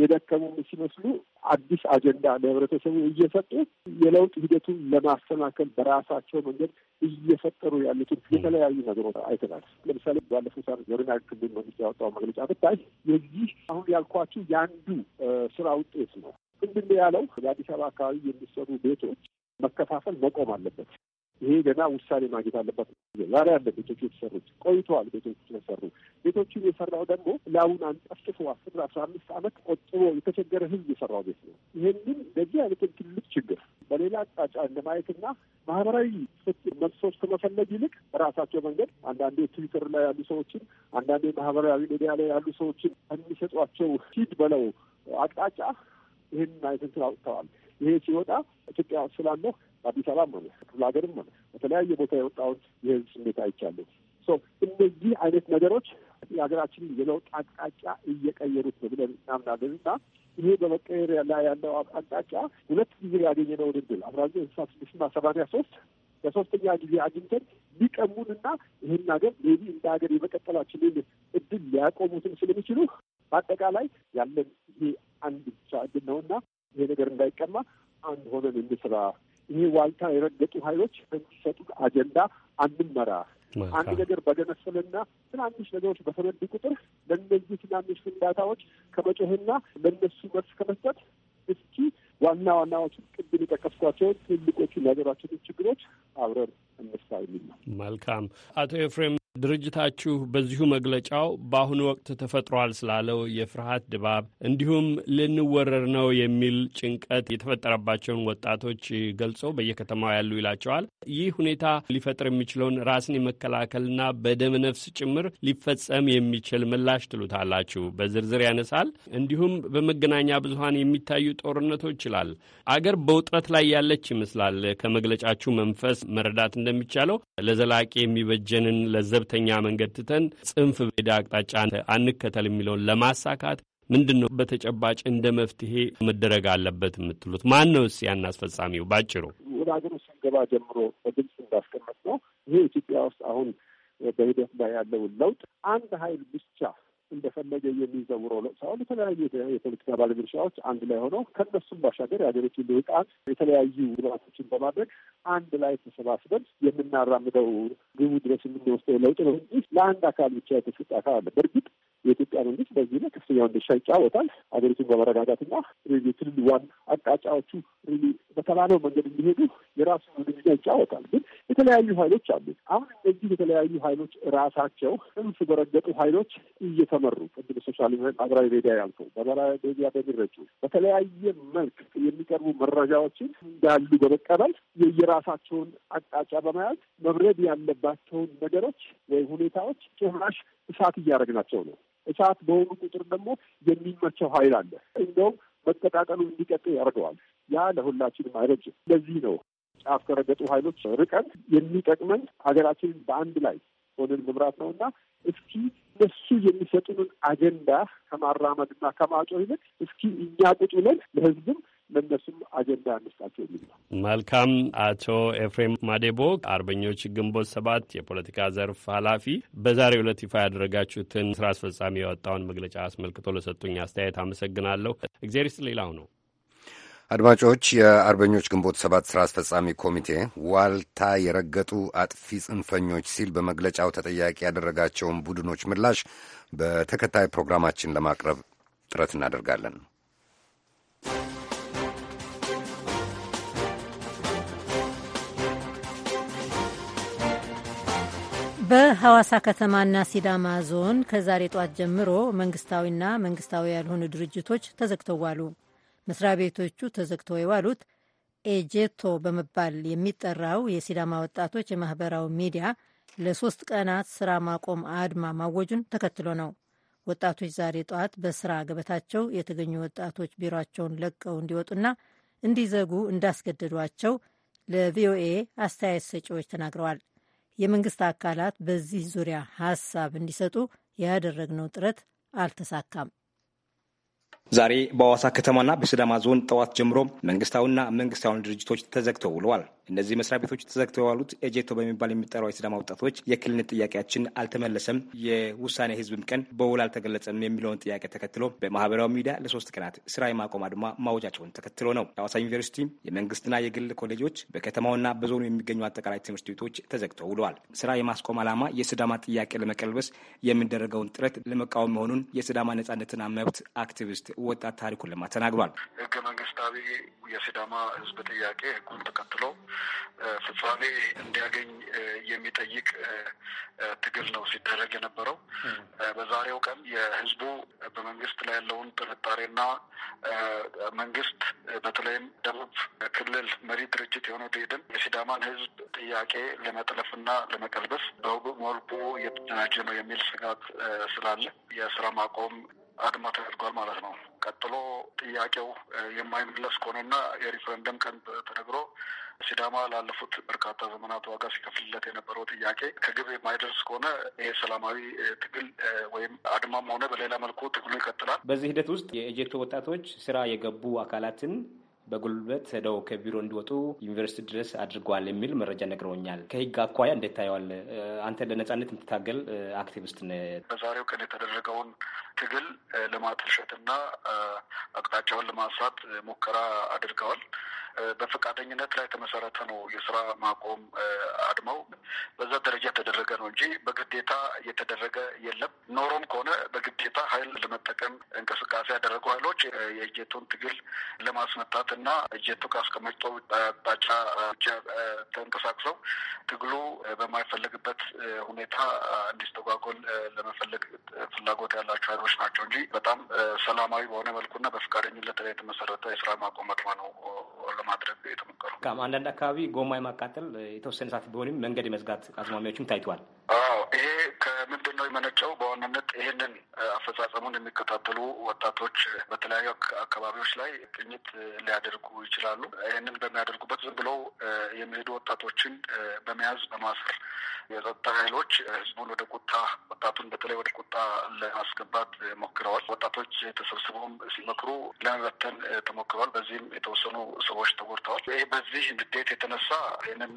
የደከሙ ሲመስሉ አዲስ አጀንዳ ለህብረተሰቡ እየሰጡ የለውጥ ሂደቱን ለማሰናከል በራሳቸው መንገድ እየፈጠሩ ያሉትን የተለያዩ ነገሮች አይተናል። ለምሳሌ ባለፈው ሳምንት የኦሮሚያ ክልል መንግስት ያወጣው መግለጫ ብታይ የዚህ አሁን ያልኳችው የአንዱ ስራ ውጤት ነው። ምንድን ነው ያለው? በአዲስ አበባ አካባቢ የሚሰሩ ቤቶች መከፋፈል መቆም አለበት። ይሄ ገና ውሳኔ ማግኘት አለባት። ዛሬ አለ ቤቶቹ የተሰሩት ቆይተዋል። ቤቶቹ የተሰሩ ቤቶቹን የሰራው ደግሞ ለአሁን አንጠፍጥፎ አስር አስራ አምስት ዓመት ቆጥቦ የተቸገረ ህዝብ የሰራው ቤት ነው። ይህንን በዚህ አይነትን ትልቅ ችግር በሌላ አቅጣጫ እንደማየትና ማህበራዊ ፍት መልሶች ከመፈለግ ይልቅ በራሳቸው መንገድ አንዳንዴ ትዊተር ላይ ያሉ ሰዎችን አንዳንዴ ማህበራዊ ሚዲያ ላይ ያሉ ሰዎችን ከሚሰጧቸው ሂድ በለው አቅጣጫ ይህንን አይነትን አውጥተዋል። ይሄ ሲወጣ ኢትዮጵያ ስላለሁ አዲስ አበባ ሆነ ክፍለ ሀገርም ሆነ በተለያየ ቦታ የወጣውን የህዝብ ስሜት አይቻለሁ። እነዚህ አይነት ነገሮች የሀገራችን የለውጥ አቅጣጫ እየቀየሩት ነው ብለን እናምናለን እና ይሄ በመቀየር ላይ ያለው አቅጣጫ ሁለት ጊዜ ያገኘነው ድል አስራ ዘጠኝ ስልሳ ስድስትና ሰማንያ ሶስት ለሶስተኛ ጊዜ አግኝተን ሊቀሙን ሊቀሙንና ይህን ሀገር ሌቢ እንደ ሀገር የመቀጠላችንን እድል ሊያቆሙትን ስለሚችሉ በአጠቃላይ ያለን ይሄ አንድ ብቻ እድል ነው እና ይሄ ነገር እንዳይቀማ አንድ ሆነን እንስራ። ይሄ ዋልታ የረገጡ ኃይሎች በሚሰጡት አጀንዳ አንመራ። አንድ ነገር በገነፈለና ትናንሽ ነገሮች በተነዱ ቁጥር ለእነዚህ ትናንሽ ፍንዳታዎች ከመጮህና ለእነሱ መልስ ከመስጠት እስኪ ዋና ዋናዎችን ቅድም የጠቀስኳቸውን ትልቆቹ የሀገራችንን ችግሮች አብረን እንስራ የሚል ነው። መልካም አቶ ኤፍሬም ድርጅታችሁ በዚሁ መግለጫው በአሁኑ ወቅት ተፈጥሯል ስላለው የፍርሃት ድባብ እንዲሁም ልንወረር ነው የሚል ጭንቀት የተፈጠረባቸውን ወጣቶች ገልጾ በየከተማው ያሉ ይላቸዋል። ይህ ሁኔታ ሊፈጥር የሚችለውን ራስን የመከላከልና በደም ነፍስ ጭምር ሊፈጸም የሚችል ምላሽ ትሉታላችሁ። በዝርዝር ያነሳል። እንዲሁም በመገናኛ ብዙኃን የሚታዩ ጦርነቶች ይላል። አገር በውጥረት ላይ ያለች ይመስላል። ከመግለጫችሁ መንፈስ መረዳት እንደሚቻለው ለዘላቂ የሚበጀንን ለዘብ ገለልተኛ መንገድ ትተን ጽንፍ ቤዳ አቅጣጫ አንከተል የሚለውን ለማሳካት ምንድን ነው በተጨባጭ እንደ መፍትሄ መደረግ አለበት የምትሉት? ማን ነው እስ ያን አስፈጻሚው? ባጭሩ ወደ ሀገር ውስጥ ስንገባ ጀምሮ በግልጽ እንዳስቀመጥ ነው ይህ ኢትዮጵያ ውስጥ አሁን በሂደት ላይ ያለውን ለውጥ አንድ ሀይል ብቻ እንደፈለገ የሚዘውረው ሳይሆን የተለያዩ የፖለቲካ ባለድርሻዎች አንድ ላይ ሆነው ከነሱም ባሻገር የሀገሪቱ ልሂቃን የተለያዩ ግባቶችን በማድረግ አንድ ላይ ተሰባስበን የምናራምደው ግቡ ድረስ የምንወስደው ለውጥ ነው እንጂ ለአንድ አካል ብቻ የተሰጠ አካል አለ። በእርግጥ የኢትዮጵያ መንግስት በዚህ ላይ ከፍተኛውን ድርሻ ይጫወታል። ሀገሪቱን በመረጋጋትና ዋን አቅጣጫዎቹ በተባለው መንገድ እንዲሄዱ የራሱ ሚና ይጫወታል። ግን የተለያዩ ሀይሎች አሉ። አሁን እነዚህ የተለያዩ ሀይሎች ራሳቸው እንስ በረገጡ ሀይሎች እየተመሩ ቅድም ሶሻል ማህበራዊ ሜዲያ ያልከው በማህበራዊ ሜዲያ በሚረጩ በተለያየ መልክ የሚቀርቡ መረጃዎችን እንዳሉ በመቀበል የየራሳቸውን አቅጣጫ በመያዝ መብረድ ያለባቸውን ነገሮች ወይ ሁኔታዎች ጭራሽ እሳት እያደረግናቸው ነው። እሳት በሆኑ ቁጥር ደግሞ የሚመቸው ኃይል አለ። እንደውም መቀጣጠሉ እንዲቀጥል ያደርገዋል። ያ ለሁላችንም አይበጅም። ለዚህ ነው ጫፍ ከረገጡ ኃይሎች ርቀን የሚጠቅመን ሀገራችንን በአንድ ላይ ሆነን መምራት ነው እና እስኪ እነሱ የሚሰጡንን አጀንዳ ከማራመድ ከማራመድና ከማጮ ይልቅ እስኪ እኛ ቁጭ ብለን ለህዝብም ለእነሱም አጀንዳ ያነሳቸው የሚል ነው። መልካም። አቶ ኤፍሬም ማዴቦ አርበኞች ግንቦት ሰባት የፖለቲካ ዘርፍ ኃላፊ፣ በዛሬ ዕለት ይፋ ያደረጋችሁትን ስራ አስፈጻሚ የወጣውን መግለጫ አስመልክቶ ለሰጡኝ አስተያየት አመሰግናለሁ። እግዜር ይስጥ። ሌላው ነው አድማጮች፣ የአርበኞች ግንቦት ሰባት ሥራ አስፈጻሚ ኮሚቴ ዋልታ የረገጡ አጥፊ ጽንፈኞች ሲል በመግለጫው ተጠያቂ ያደረጋቸውን ቡድኖች ምላሽ በተከታይ ፕሮግራማችን ለማቅረብ ጥረት እናደርጋለን። በሐዋሳ ከተማና ሲዳማ ዞን ከዛሬ ጧት ጀምሮ መንግስታዊና መንግስታዊ ያልሆኑ ድርጅቶች ተዘግተው ዋሉ። መስሪያ ቤቶቹ ተዘግተው የዋሉት ኤጄቶ በመባል የሚጠራው የሲዳማ ወጣቶች የማህበራዊ ሚዲያ ለሶስት ቀናት ስራ ማቆም አድማ ማወጁን ተከትሎ ነው። ወጣቶች ዛሬ ጠዋት በስራ ገበታቸው የተገኙ ወጣቶች ቢሮቸውን ለቀው እንዲወጡና እንዲዘጉ እንዳስገደዷቸው ለቪኦኤ አስተያየት ሰጪዎች ተናግረዋል። የመንግስት አካላት በዚህ ዙሪያ ሀሳብ እንዲሰጡ ያደረግነው ጥረት አልተሳካም። ዛሬ በአዋሳ ከተማና በሲዳማ ዞን ጠዋት ጀምሮ መንግስታዊና መንግስታዊ ድርጅቶች ተዘግተው ውለዋል። እነዚህ መስሪያ ቤቶች ተዘግተው የዋሉት ኤጀቶ በሚባል የሚጠራው የሲዳማ ወጣቶች የክልልነት ጥያቄያችን አልተመለሰም፣ የውሳኔ ህዝብም ቀን በውል አልተገለጸም የሚለውን ጥያቄ ተከትሎ በማህበራዊ ሚዲያ ለሶስት ቀናት ስራ የማቆም አድማ ማወጃቸውን ተከትሎ ነው። የአዋሳ ዩኒቨርሲቲ፣ የመንግስትና የግል ኮሌጆች፣ በከተማውና በዞኑ የሚገኙ አጠቃላይ ትምህርት ቤቶች ተዘግተው ውለዋል። ስራ የማስቆም ዓላማ የሲዳማ ጥያቄ ለመቀልበስ የሚደረገውን ጥረት ለመቃወም መሆኑን የሲዳማ ነጻነትና መብት አክቲቪስት ወጣት ታሪኩን ለማ ተናግሯል። ህገ መንግስታዊ የሲዳማ ህዝብ ጥያቄ ህጉን ተከትሎ ፍጻሜ እንዲያገኝ የሚጠይቅ ትግል ነው ሲደረግ የነበረው። በዛሬው ቀን የህዝቡ በመንግስት ላይ ያለውን ጥርጣሬና መንግስት በተለይም ደቡብ ክልል መሪ ድርጅት የሆነው ደኢህዴን የሲዳማን ህዝብ ጥያቄ ለመጥለፍና ለመቀልበስ በህቡ መልኩ እየተደራጀ ነው የሚል ስጋት ስላለ የስራ ማቆም አድማ ተደርጓል ማለት ነው። ቀጥሎ ጥያቄው የማይመለስ ከሆነና የሪፍረንደም ቀን ተነግሮ ሲዳማ ላለፉት በርካታ ዘመናት ዋጋ ሲከፍልለት የነበረው ጥያቄ ከግብ የማይደርስ ከሆነ ይሄ ሰላማዊ ትግል ወይም አድማም ሆነ በሌላ መልኩ ትግሉ ይቀጥላል። በዚህ ሂደት ውስጥ የእጀቶ ወጣቶች ስራ የገቡ አካላትን በጉልበት ሄደው ከቢሮ እንዲወጡ ዩኒቨርሲቲ ድረስ አድርገዋል የሚል መረጃ ነግረውኛል። ከህግ አኳያ እንዴት ታየዋል? አንተ ለነጻነት የምትታገል አክቲቪስት ነ በዛሬው ቀን የተደረገውን ትግል ለማጥልሸትና አቅጣጫውን ለማንሳት ሙከራ አድርገዋል። በፈቃደኝነት ላይ የተመሰረተ ነው የስራ ማቆም አድማው በዛ ደረጃ የተደረገ ነው እንጂ በግዴታ የተደረገ የለም። ኖሮም ከሆነ በግዴታ ኃይል ለመጠቀም እንቅስቃሴ ያደረጉ ኃይሎች የእጀቱን ትግል ለማስመታት እና እጀቱቅ አስቀምጦ አቅጣጫ ተንቀሳቅሰው ትግሉ በማይፈለግበት ሁኔታ እንዲስተጓጎል ለመፈለግ ፍላጎት ያላቸው ኃይሎች ናቸው እንጂ በጣም ሰላማዊ በሆነ መልኩና በፈቃደኝነት ላይ የተመሰረተ የስራ ማቆም አድማ ነው ለማድረግ የተሞከረው። አንዳንድ አካባቢ ጎማ የማቃጠል የተወሰነ ሰዓት ቢሆንም መንገድ የመዝጋት አዝማሚያዎችም ታይተዋል። ይሄ ከምንድን ነው የመነጨው? በዋናነት ይህንን አፈጻጸሙን የሚከታተሉ ወጣቶች በተለያዩ አካባቢዎች ላይ ቅኝት ሊያደርጉ ይችላሉ። ይህንን በሚያደርጉበት ዝም ብለው የሚሄዱ ወጣቶችን በመያዝ በማስር የጸጥታ ኃይሎች ህዝቡን ወደ ቁጣ ወጣቱን በተለይ ወደ ቁጣ ለማስገባት ሞክረዋል። ወጣቶች ተሰብስበውም ሲመክሩ ለመበተን ተሞክረዋል። በዚህም የተወሰኑ ሰዎች ተጎድተዋል። ይህ በዚህ ንዴት የተነሳ ይህንን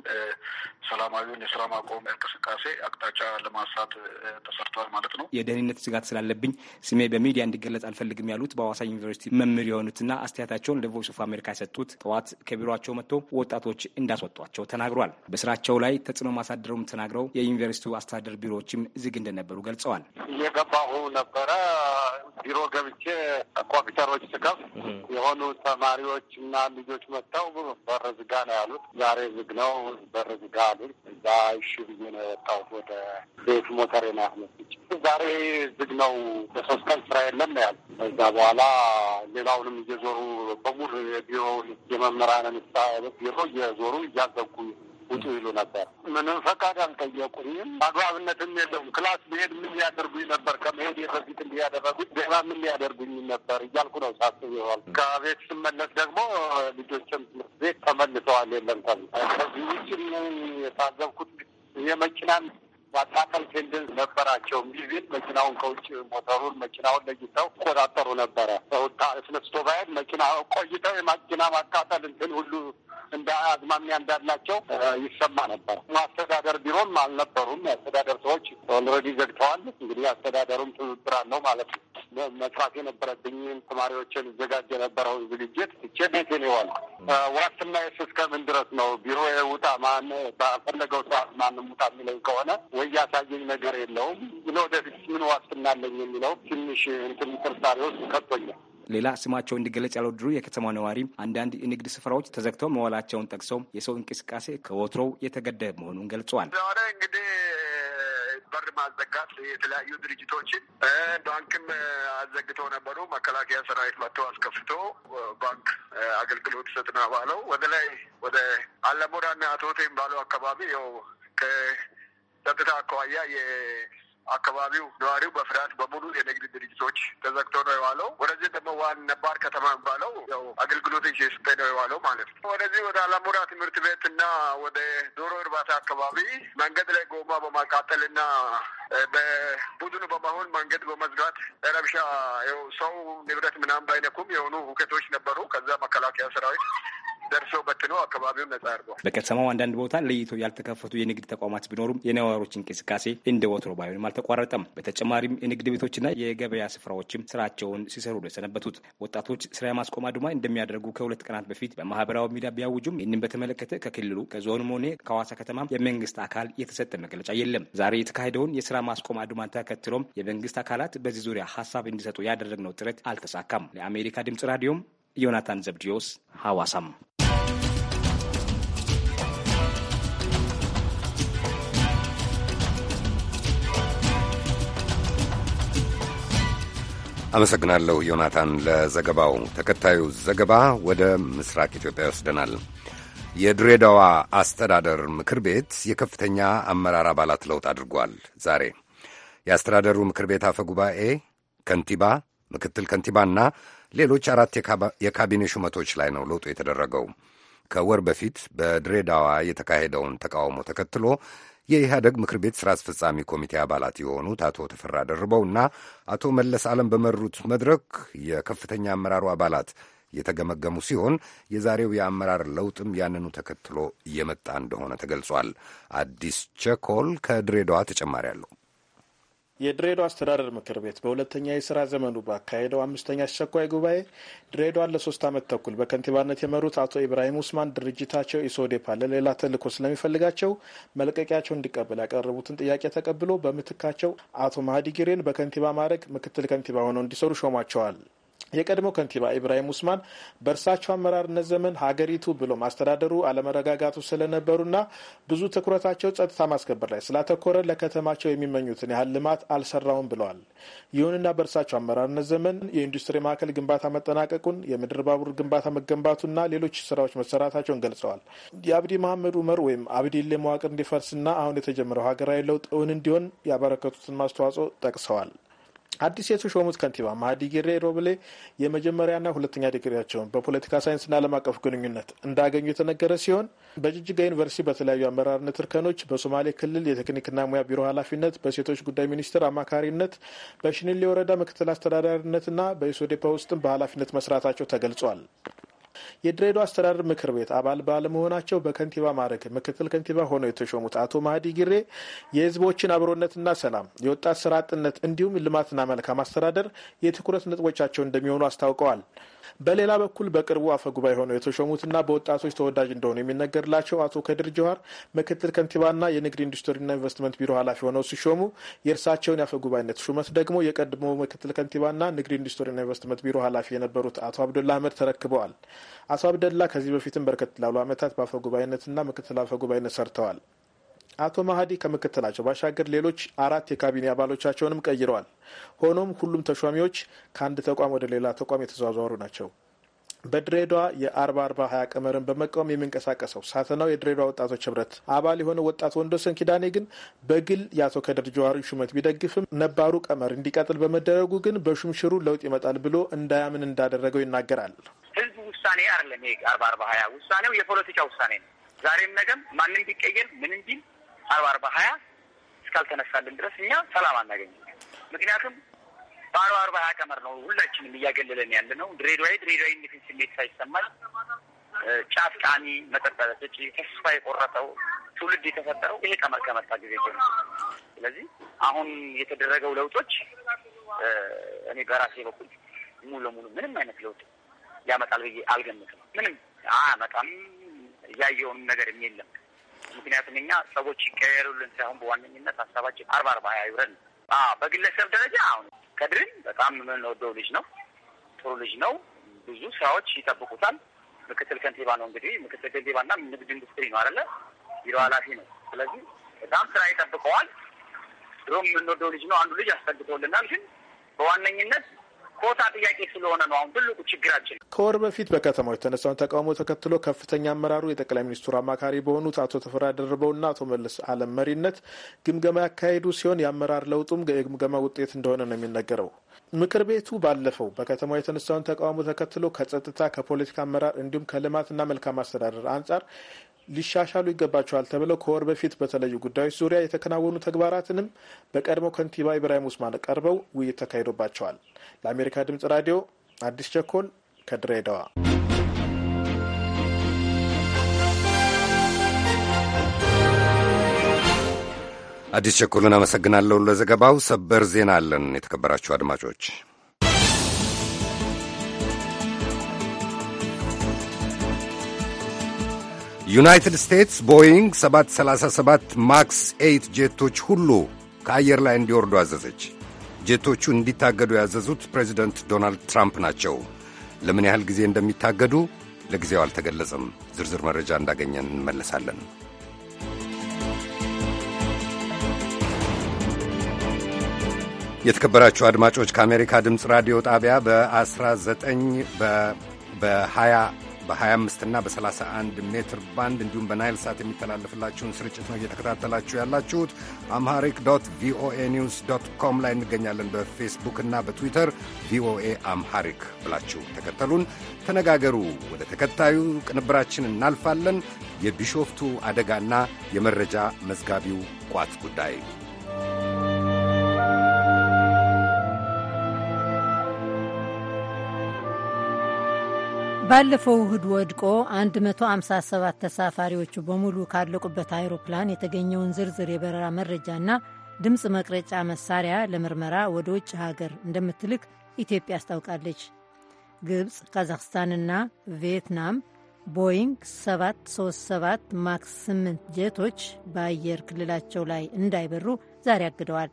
ሰላማዊውን የስራ ማቆም እንቅስቃሴ አቅጣጫ ለማስራት ተሰርቷል ማለት ነው። የደህንነት ስጋት ስላለብኝ ስሜ በሚዲያ እንዲገለጽ አልፈልግም ያሉት በአዋሳ ዩኒቨርሲቲ መምህር የሆኑትና አስተያየታቸውን ለቮይስ ኦፍ አሜሪካ የሰጡት ጠዋት ከቢሮቸው መጥቶ ወጣቶች እንዳስወጧቸው ተናግሯል። በስራቸው ላይ ተጽዕኖ ማሳደሩም ተናግረው የዩኒቨርሲቲው አስተዳደር ቢሮዎችም ዝግ እንደነበሩ ገልጸዋል። እየገባሁ ነበረ ቢሮ ገብቼ ኮምፒውተሮች ስከፍ የሆኑ ተማሪዎች እና ልጆች መጥተው በር ዝጋ ነው ያሉት። ዛሬ ዝግ ነው በር ዝጋ አሉ። እዛ እሺ ብዬ ነው የወጣሁት ወደ ቤት ሞተር ና ናያስመስጭ ዛሬ ዝግ ነው፣ በሶስት ቀን ስራ የለም ያል ከዛ በኋላ ሌላውንም እየዞሩ በሙሉ የቢሮ የመምህራንን ቢሮ እየዞሩ እያዘጉ ውጡ ይሉ ነበር። ምንም ፈቃድ አልጠየቁኝም። አግባብነትም የለውም። ክላስ መሄድ ምን ሊያደርጉኝ ነበር? ከመሄድ የበፊት እንዲያደረጉኝ ዜና ምን ሊያደርጉኝ ነበር እያልኩ ነው ሳስብ ይሆል። ከቤት ስመለስ ደግሞ ልጆችም ትምህርት ቤት ተመልሰዋል። የለም ከዚህ ውጭ የታዘብኩት የመኪናን ማታከል ቴንደንስ ነበራቸው። ሚቪል መኪናውን ከውጭ ሞተሩን መኪናውን ለይተው ቆጣጠሩ ነበረ። ሰውታ ስነስቶ ባይል መኪና ቆይተው የመኪና ማቃጠል እንትን ሁሉ እንደ አዝማሚያ እንዳላቸው ይሰማ ነበር። ማስተዳደር ቢሮም አልነበሩም። የአስተዳደር ሰዎች ኦልሬዲ ዘግተዋል። እንግዲህ አስተዳደሩም ትብብር አለው ማለት ነው። መስራት የነበረብኝን ተማሪዎችን ይዘጋጅ የነበረው ዝግጅት ትቼ ቤቴ ነው የዋልኩት። ዋስትና የስ እስከምን ድረስ ነው? ቢሮ ውጣ፣ ማን በፈለገው ሰዓት ማንም ውጣ የሚለኝ ከሆነ ወይ ያሳየኝ ነገር የለውም ወደፊት ምን ዋስትና አለኝ የሚለው ትንሽ እንትን ጥርጣሬ ውስጥ ከቶኛል። ሌላ ስማቸው እንዲገለጽ ያልወደዱ የከተማ ነዋሪ አንዳንድ የንግድ ስፍራዎች ተዘግተው መዋላቸውን ጠቅሰው የሰው እንቅስቃሴ ከወትሮው የተገደበ መሆኑን ገልጸዋል። ዛሬ እንግዲህ በር ማዘጋት የተለያዩ ድርጅቶችን ባንክም አዘግተው ነበሩ። መከላከያ ሰራዊት መጥቶ አስከፍቶ ባንክ አገልግሎት ሰጥና ባለው ወደ ላይ ወደ አለሞዳና አቶቴም ባለው አካባቢ ያው ጸጥታ አኳያ የአካባቢው ነዋሪው በፍርሃት በሙሉ የንግድ ድርጅቶች ተዘግቶ ነው የዋለው። ወደዚህ ደግሞ ዋን ነባር ከተማ የሚባለው ያው አገልግሎት ሲስጠ ነው የዋለው ማለት ነው። ወደዚህ ወደ አላሙራ ትምህርት ቤት እና ወደ ዶሮ እርባታ አካባቢ መንገድ ላይ ጎማ በማቃጠል እና በቡድኑ በመሆን መንገድ በመዝጋት ረብሻ ሰው ንብረት ምናምን ባይነኩም የሆኑ ሁከቶች ነበሩ። ከዛ መከላከያ ሰራዊት ደርሶ በትኖ አካባቢውን ነጻ አድርጓል። በከተማው አንዳንድ ቦታ ለይቶ ያልተከፈቱ የንግድ ተቋማት ቢኖሩም የነዋሪዎች እንቅስቃሴ እንደ ወትሮ ባይሆንም አልተቋረጠም። በተጨማሪም የንግድ ቤቶችና የገበያ ስፍራዎችም ስራቸውን ሲሰሩ ነው የሰነበቱት። ወጣቶች ስራ የማስቆም አድማ እንደሚያደርጉ ከሁለት ቀናት በፊት በማህበራዊ ሚዲያ ቢያውጁም ይህንን በተመለከተ ከክልሉ ከዞኑም ሆነ ከሐዋሳ ከተማ የመንግስት አካል የተሰጠ መግለጫ የለም። ዛሬ የተካሄደውን የስራ ማስቆም አድማን ተከትሎም የመንግስት አካላት በዚህ ዙሪያ ሀሳብ እንዲሰጡ ያደረግነው ጥረት አልተሳካም። ለአሜሪካ ድምጽ ራዲዮም ዮናታን ዘብድዮስ ሐዋሳም አመሰግናለሁ ዮናታን ለዘገባው። ተከታዩ ዘገባ ወደ ምስራቅ ኢትዮጵያ ይወስደናል። የድሬዳዋ አስተዳደር ምክር ቤት የከፍተኛ አመራር አባላት ለውጥ አድርጓል። ዛሬ የአስተዳደሩ ምክር ቤት አፈ ጉባኤ፣ ከንቲባ፣ ምክትል ከንቲባና ሌሎች አራት የካቢኔ ሹመቶች ላይ ነው ለውጡ የተደረገው። ከወር በፊት በድሬዳዋ የተካሄደውን ተቃውሞ ተከትሎ የኢህአደግ ምክር ቤት ሥራ አስፈጻሚ ኮሚቴ አባላት የሆኑት አቶ ተፈራ ደርበው እና አቶ መለስ ዓለም በመሩት መድረክ የከፍተኛ አመራሩ አባላት የተገመገሙ ሲሆን የዛሬው የአመራር ለውጥም ያንኑ ተከትሎ እየመጣ እንደሆነ ተገልጿል። አዲስ ቸኮል ከድሬዳዋ ተጨማሪ አለው። የድሬዳዋ አስተዳደር ምክር ቤት በሁለተኛ የስራ ዘመኑ ባካሄደው አምስተኛ አስቸኳይ ጉባኤ ድሬዳዋን ለሶስት ዓመት ተኩል በከንቲባነት የመሩት አቶ ኢብራሂም ውስማን ድርጅታቸው ኢሶዴፓ ለሌላ ተልእኮ ስለሚፈልጋቸው መልቀቂያቸው እንዲቀበል ያቀረቡትን ጥያቄ ተቀብሎ በምትካቸው አቶ ማህዲ ጊሬን በከንቲባ ማድረግ ምክትል ከንቲባ ሆነው እንዲሰሩ ሾሟቸዋል። የቀድሞ ከንቲባ ኢብራሂም ውስማን በእርሳቸው አመራርነት ዘመን ሀገሪቱ ብሎ ማስተዳደሩ አለመረጋጋቱ ስለነበሩና ብዙ ትኩረታቸው ጸጥታ ማስከበር ላይ ስላተኮረ ለከተማቸው የሚመኙትን ያህል ልማት አልሰራውም ብለዋል። ይሁንና በእርሳቸው አመራርነት ዘመን የኢንዱስትሪ ማዕከል ግንባታ መጠናቀቁን፣ የምድር ባቡር ግንባታ መገንባቱና ሌሎች ስራዎች መሰራታቸውን ገልጸዋል። የአብዲ መሐመድ ኡመር ወይም አብዲሌ መዋቅር እንዲፈርስና አሁን የተጀመረው ሀገራዊ ለውጥ እውን እንዲሆን ያበረከቱትን ማስተዋጽኦ ጠቅሰዋል። አዲስ የተሾሙት ከንቲባ ማህዲ ጊሬ ሮብሌ የመጀመሪያና ሁለተኛ ዲግሪያቸውን በፖለቲካ ሳይንስና ዓለም አቀፍ ግንኙነት እንዳገኙ የተነገረ ሲሆን በጅጅጋ ዩኒቨርሲቲ በተለያዩ አመራርነት እርከኖች፣ በሶማሌ ክልል የቴክኒክና ሙያ ቢሮ ኃላፊነት፣ በሴቶች ጉዳይ ሚኒስቴር አማካሪነት፣ በሽንሌ ወረዳ ምክትል አስተዳዳሪነትና በኢሶዴፓ ውስጥም በኃላፊነት መስራታቸው ተገልጿል። የድሬዳዋ አስተዳደር ምክር ቤት አባል ባለመሆናቸው በከንቲባ ማዕረግ ምክትል ከንቲባ ሆነው የተሾሙት አቶ ማህዲ ጊሬ የህዝቦችን አብሮነትና ሰላም፣ የወጣት ስራ አጥነት እንዲሁም ልማትና መልካም አስተዳደር የትኩረት ነጥቦቻቸው እንደሚሆኑ አስታውቀዋል። በሌላ በኩል በቅርቡ አፈጉባኤ ሆነው የተሾሙትና በወጣቶች ተወዳጅ እንደሆኑ የሚነገርላቸው አቶ ከድር ጀዋር ምክትል ከንቲባና የንግድ ኢንዱስትሪና ኢንቨስትመንት ቢሮ ኃላፊ ሆነው ሲሾሙ የእርሳቸውን የአፈጉባኤነት ሹመት ደግሞ የቀድሞ ምክትል ከንቲባና ንግድ ኢንዱስትሪና ኢንቨስትመንት ቢሮ ኃላፊ የነበሩት አቶ አብደላ አህመድ ተረክበዋል። አቶ አብደላ ከዚህ በፊትም በርከት ላሉ ዓመታት በአፈጉባኤነትና ምክትል አፈጉባኤነት ሰርተዋል። አቶ ማሀዲ ከምክትላቸው ባሻገር ሌሎች አራት የካቢኔ አባሎቻቸውንም ቀይረዋል። ሆኖም ሁሉም ተሿሚዎች ከአንድ ተቋም ወደ ሌላ ተቋም የተዘዋወሩ ናቸው። በድሬዳዋ የአርባ አርባ ሀያ ቀመርን በመቃወም የሚንቀሳቀሰው ሳተናው የድሬዳዋ ወጣቶች ህብረት አባል የሆነ ወጣት ወንዶሰን ኪዳኔ ግን በግል የአቶ ከድር ጀዋሪ ሹመት ቢደግፍም ነባሩ ቀመር እንዲቀጥል በመደረጉ ግን በሹምሽሩ ለውጥ ይመጣል ብሎ እንዳያምን እንዳደረገው ይናገራል። ህዝቡ ውሳኔ አይደለም። ይሄ አርባ አርባ ሀያ ውሳኔው የፖለቲካ ውሳኔ ነው። ዛሬም ነገም ማንም ቢቀየር ምን እንዲል አርባ አርባ ሀያ እስካልተነሳልን ድረስ እኛ ሰላም አናገኝም። ምክንያቱም በአርባ አርባ ሀያ ቀመር ነው ሁላችንም እያገለለን ያለ ነው። ድሬዳዋ ድሬዳዊነትን ስሜት ሳይሰማል ጫት ቃሚ፣ መጠጥ ጠጪ፣ ተስፋ የቆረጠው ትውልድ የተፈጠረው ይሄ ቀመር ከመጣ ጊዜ ነው። ስለዚህ አሁን የተደረገው ለውጦች እኔ በራሴ በኩል ሙሉ ለሙሉ ምንም አይነት ለውጥ ያመጣል ብዬ አልገምትም። ምንም አያመጣም። ያየውን ነገርም የለም። ምክንያቱም እኛ ሰዎች ይቀየሩልን ሳይሆን በዋነኝነት ሀሳባችን አርባ አርባ ሀያ ይብረን። በግለሰብ ደረጃ አሁን ከድርን በጣም የምንወደው ልጅ ነው። ጥሩ ልጅ ነው። ብዙ ስራዎች ይጠብቁታል። ምክትል ከንቲባ ነው እንግዲህ ምክትል ከንቲባና ንግድ ኢንዱስትሪ ነው አይደለ? ቢሮ ኃላፊ ነው። ስለዚህ በጣም ስራ ይጠብቀዋል። ድሮም የምንወደው ልጅ ነው። አንዱ ልጅ አስጠግቶልናል። ግን በዋነኝነት ኮታ ጥያቄ ስለሆነ ነው አሁን ትልቁ ችግራችን። ከወር በፊት በከተማው የተነሳውን ተቃውሞ ተከትሎ ከፍተኛ አመራሩ የጠቅላይ ሚኒስትሩ አማካሪ በሆኑት አቶ ተፈራ ደርበውና አቶ መለስ አለም መሪነት ግምገማ ያካሄዱ ሲሆን የአመራር ለውጡም የግምገማ ውጤት እንደሆነ ነው የሚነገረው። ምክር ቤቱ ባለፈው በከተማው የተነሳውን ተቃውሞ ተከትሎ ከጸጥታ ከፖለቲካ አመራር እንዲሁም ከልማትና መልካም አስተዳደር አንጻር ሊሻሻሉ ይገባቸዋል ተብለው ከወር በፊት በተለዩ ጉዳዮች ዙሪያ የተከናወኑ ተግባራትንም በቀድሞ ከንቲባ ኢብራሂም ውስማን ቀርበው ውይይት ተካሂዶባቸዋል። ለአሜሪካ ድምጽ ራዲዮ አዲስ ቸኮል ከድሬዳዋ። አዲስ ቸኮልን አመሰግናለሁ ለዘገባው። ሰበር ዜና አለን የተከበራችሁ አድማጮች። ዩናይትድ ስቴትስ ቦይንግ 737 ማክስ 8 ጄቶች ሁሉ ከአየር ላይ እንዲወርዱ አዘዘች። ጄቶቹ እንዲታገዱ ያዘዙት ፕሬዚደንት ዶናልድ ትራምፕ ናቸው። ለምን ያህል ጊዜ እንደሚታገዱ ለጊዜው አልተገለጸም። ዝርዝር መረጃ እንዳገኘን እንመለሳለን። የተከበራችሁ አድማጮች ከአሜሪካ ድምፅ ራዲዮ ጣቢያ በ19 በ 19 በ 20 በ25 እና በ31 ሜትር ባንድ እንዲሁም በናይል ሳት የሚተላለፍላችሁን ስርጭት ነው እየተከታተላችሁ ያላችሁት። አምሃሪክ ዶት ቪኦኤ ኒውስ ዶት ኮም ላይ እንገኛለን። በፌስቡክ እና በትዊተር ቪኦኤ አምሃሪክ ብላችሁ ተከተሉን፣ ተነጋገሩ። ወደ ተከታዩ ቅንብራችን እናልፋለን። የቢሾፍቱ አደጋና የመረጃ መዝጋቢው ቋት ጉዳይ ባለፈው እሁድ ወድቆ 157 ተሳፋሪዎቹ በሙሉ ካለቁበት አይሮፕላን የተገኘውን ዝርዝር የበረራ መረጃና ድምፅ መቅረጫ መሳሪያ ለምርመራ ወደ ውጭ ሀገር እንደምትልክ ኢትዮጵያ አስታውቃለች። ግብፅ፣ ካዛክስታንና ቪየትናም ቦይንግ 737 ማክስ 8 ጄቶች በአየር ክልላቸው ላይ እንዳይበሩ ዛሬ አግደዋል።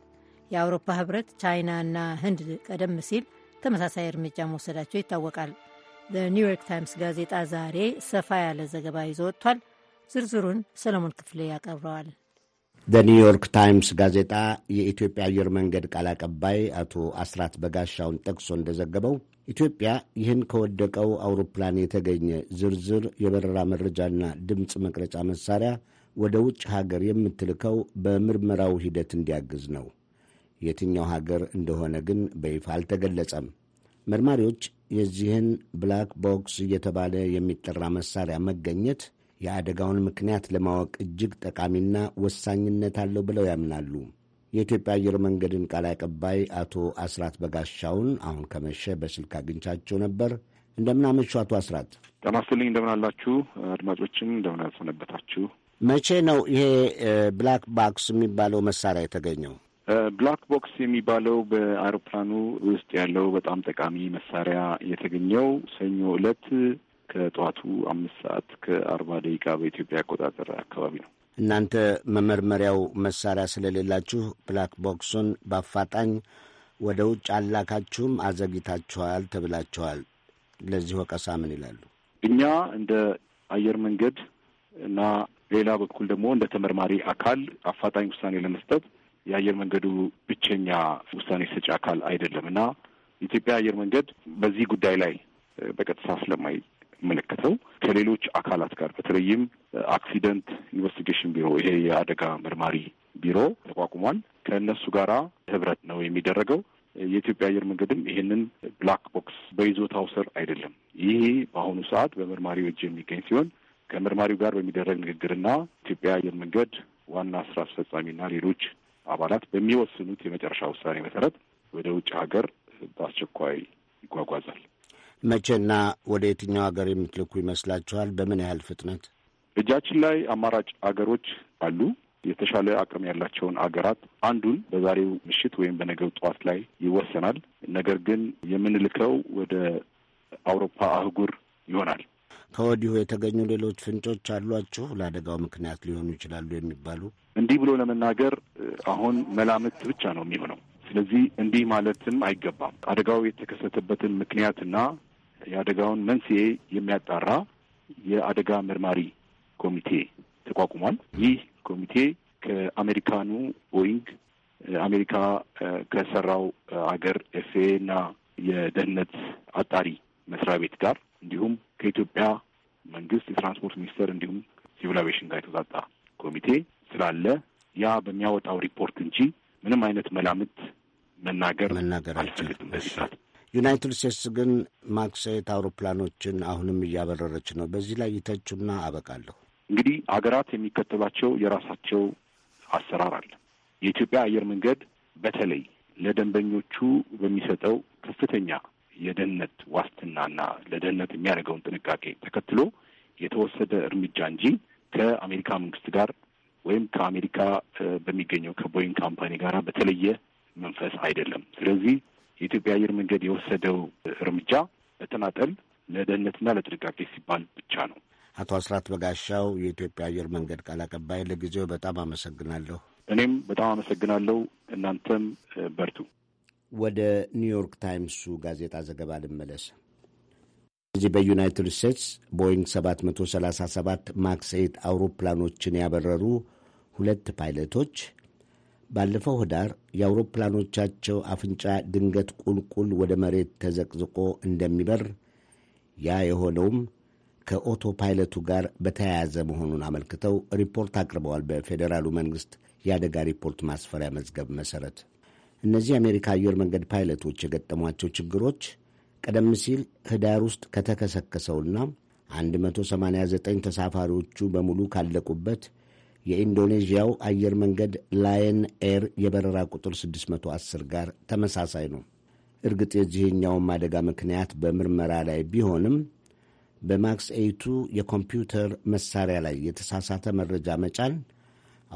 የአውሮፓ ህብረት፣ ቻይናና ህንድ ቀደም ሲል ተመሳሳይ እርምጃ መውሰዳቸው ይታወቃል። በኒውዮርክ ታይምስ ጋዜጣ ዛሬ ሰፋ ያለ ዘገባ ይዞ ወጥቷል። ዝርዝሩን ሰለሞን ክፍሌ ያቀርበዋል። በኒውዮርክ ታይምስ ጋዜጣ የኢትዮጵያ አየር መንገድ ቃል አቀባይ አቶ አስራት በጋሻውን ጠቅሶ እንደዘገበው ኢትዮጵያ ይህን ከወደቀው አውሮፕላን የተገኘ ዝርዝር የበረራ መረጃና ድምፅ መቅረጫ መሳሪያ ወደ ውጭ ሀገር የምትልከው በምርመራው ሂደት እንዲያግዝ ነው። የትኛው ሀገር እንደሆነ ግን በይፋ አልተገለጸም። መርማሪዎች የዚህን ብላክ ቦክስ እየተባለ የሚጠራ መሳሪያ መገኘት የአደጋውን ምክንያት ለማወቅ እጅግ ጠቃሚና ወሳኝነት አለው ብለው ያምናሉ። የኢትዮጵያ አየር መንገድን ቃል አቀባይ አቶ አስራት በጋሻውን አሁን ከመሸ በስልክ አግኝቻቸው ነበር። እንደምናመሹ አቶ አስራት ጠናስቶልኝ። እንደምን አላችሁ አድማጮችም እንደምን ያሰነበታችሁ። መቼ ነው ይሄ ብላክ ቦክስ የሚባለው መሳሪያ የተገኘው? ብላክ ቦክስ የሚባለው በአውሮፕላኑ ውስጥ ያለው በጣም ጠቃሚ መሳሪያ የተገኘው ሰኞ ዕለት ከጠዋቱ አምስት ሰዓት ከአርባ ደቂቃ በኢትዮጵያ አቆጣጠር አካባቢ ነው። እናንተ መመርመሪያው መሳሪያ ስለሌላችሁ ብላክ ቦክሱን በአፋጣኝ ወደ ውጭ አላካችሁም፣ አዘግይታችኋል ተብላችኋል። ለዚህ ወቀሳ ምን ይላሉ? እኛ እንደ አየር መንገድ እና ሌላ በኩል ደግሞ እንደ ተመርማሪ አካል አፋጣኝ ውሳኔ ለመስጠት የአየር መንገዱ ብቸኛ ውሳኔ ሰጪ አካል አይደለም እና የኢትዮጵያ አየር መንገድ በዚህ ጉዳይ ላይ በቀጥታ ስለማይመለከተው ከሌሎች አካላት ጋር በተለይም አክሲደንት ኢንቨስቲጌሽን ቢሮ ይሄ የአደጋ መርማሪ ቢሮ ተቋቁሟል። ከእነሱ ጋራ ህብረት ነው የሚደረገው። የኢትዮጵያ አየር መንገድም ይህንን ብላክ ቦክስ በይዞታው ስር አይደለም። ይህ በአሁኑ ሰዓት በመርማሪው እጅ የሚገኝ ሲሆን ከመርማሪው ጋር በሚደረግ ንግግርና ኢትዮጵያ አየር መንገድ ዋና ስራ አስፈጻሚና ሌሎች አባላት በሚወስኑት የመጨረሻ ውሳኔ መሰረት ወደ ውጭ ሀገር በአስቸኳይ ይጓጓዛል። መቼና ወደ የትኛው ሀገር የምትልኩ ይመስላችኋል? በምን ያህል ፍጥነት? እጃችን ላይ አማራጭ አገሮች አሉ። የተሻለ አቅም ያላቸውን አገራት አንዱን በዛሬው ምሽት ወይም በነገው ጠዋት ላይ ይወሰናል። ነገር ግን የምንልከው ወደ አውሮፓ አህጉር ይሆናል። ከወዲሁ የተገኙ ሌሎች ፍንጮች አሏችሁ? ለአደጋው ምክንያት ሊሆኑ ይችላሉ የሚባሉ እንዲህ ብሎ ለመናገር አሁን መላምት ብቻ ነው የሚሆነው። ስለዚህ እንዲህ ማለትም አይገባም። አደጋው የተከሰተበትን ምክንያትና የአደጋውን መንስኤ የሚያጣራ የአደጋ መርማሪ ኮሚቴ ተቋቁሟል። ይህ ኮሚቴ ከአሜሪካኑ ቦይንግ አሜሪካ ከሰራው አገር ኤፍኤ እና የደህንነት አጣሪ መስሪያ ቤት ጋር እንዲሁም ከኢትዮጵያ መንግስት የትራንስፖርት ሚኒስቴር እንዲሁም ሲቪል አቪዬሽን ጋር የተውጣጣ ኮሚቴ ስላለ ያ በሚያወጣው ሪፖርት እንጂ ምንም አይነት መላምት መናገር መናገር አልፈልግም ዩናይትድ ስቴትስ ግን ማክሰየት አውሮፕላኖችን አሁንም እያበረረች ነው። በዚህ ላይ ይተቹና አበቃለሁ። እንግዲህ አገራት የሚከተሏቸው የራሳቸው አሰራር አለ። የኢትዮጵያ አየር መንገድ በተለይ ለደንበኞቹ በሚሰጠው ከፍተኛ የደህንነት ዋስትናና ለደህንነት የሚያደርገውን ጥንቃቄ ተከትሎ የተወሰደ እርምጃ እንጂ ከአሜሪካ መንግስት ጋር ወይም ከአሜሪካ በሚገኘው ከቦይንግ ካምፓኒ ጋር በተለየ መንፈስ አይደለም። ስለዚህ የኢትዮጵያ አየር መንገድ የወሰደው እርምጃ በተናጠል ለደህንነትና ለጥንቃቄ ሲባል ብቻ ነው። አቶ አስራት በጋሻው የኢትዮጵያ አየር መንገድ ቃል አቀባይ፣ ለጊዜው በጣም አመሰግናለሁ። እኔም በጣም አመሰግናለሁ። እናንተም በርቱ። ወደ ኒውዮርክ ታይምሱ ጋዜጣ ዘገባ ልመለስ። እዚህ በዩናይትድ ስቴትስ ቦይንግ 737 ማክስ ኤይት አውሮፕላኖችን ያበረሩ ሁለት ፓይለቶች ባለፈው ህዳር የአውሮፕላኖቻቸው አፍንጫ ድንገት ቁልቁል ወደ መሬት ተዘቅዝቆ እንደሚበር ያ የሆነውም ከኦቶ ፓይለቱ ጋር በተያያዘ መሆኑን አመልክተው ሪፖርት አቅርበዋል። በፌዴራሉ መንግስት የአደጋ ሪፖርት ማስፈሪያ መዝገብ መሰረት እነዚህ የአሜሪካ አየር መንገድ ፓይለቶች የገጠሟቸው ችግሮች ቀደም ሲል ህዳር ውስጥ ከተከሰከሰውና 189 ተሳፋሪዎቹ በሙሉ ካለቁበት የኢንዶኔዥያው አየር መንገድ ላየን ኤር የበረራ ቁጥር 610 ጋር ተመሳሳይ ነው። እርግጥ የዚህኛውም አደጋ ምክንያት በምርመራ ላይ ቢሆንም በማክስ ኤይቱ የኮምፒውተር መሳሪያ ላይ የተሳሳተ መረጃ መጫን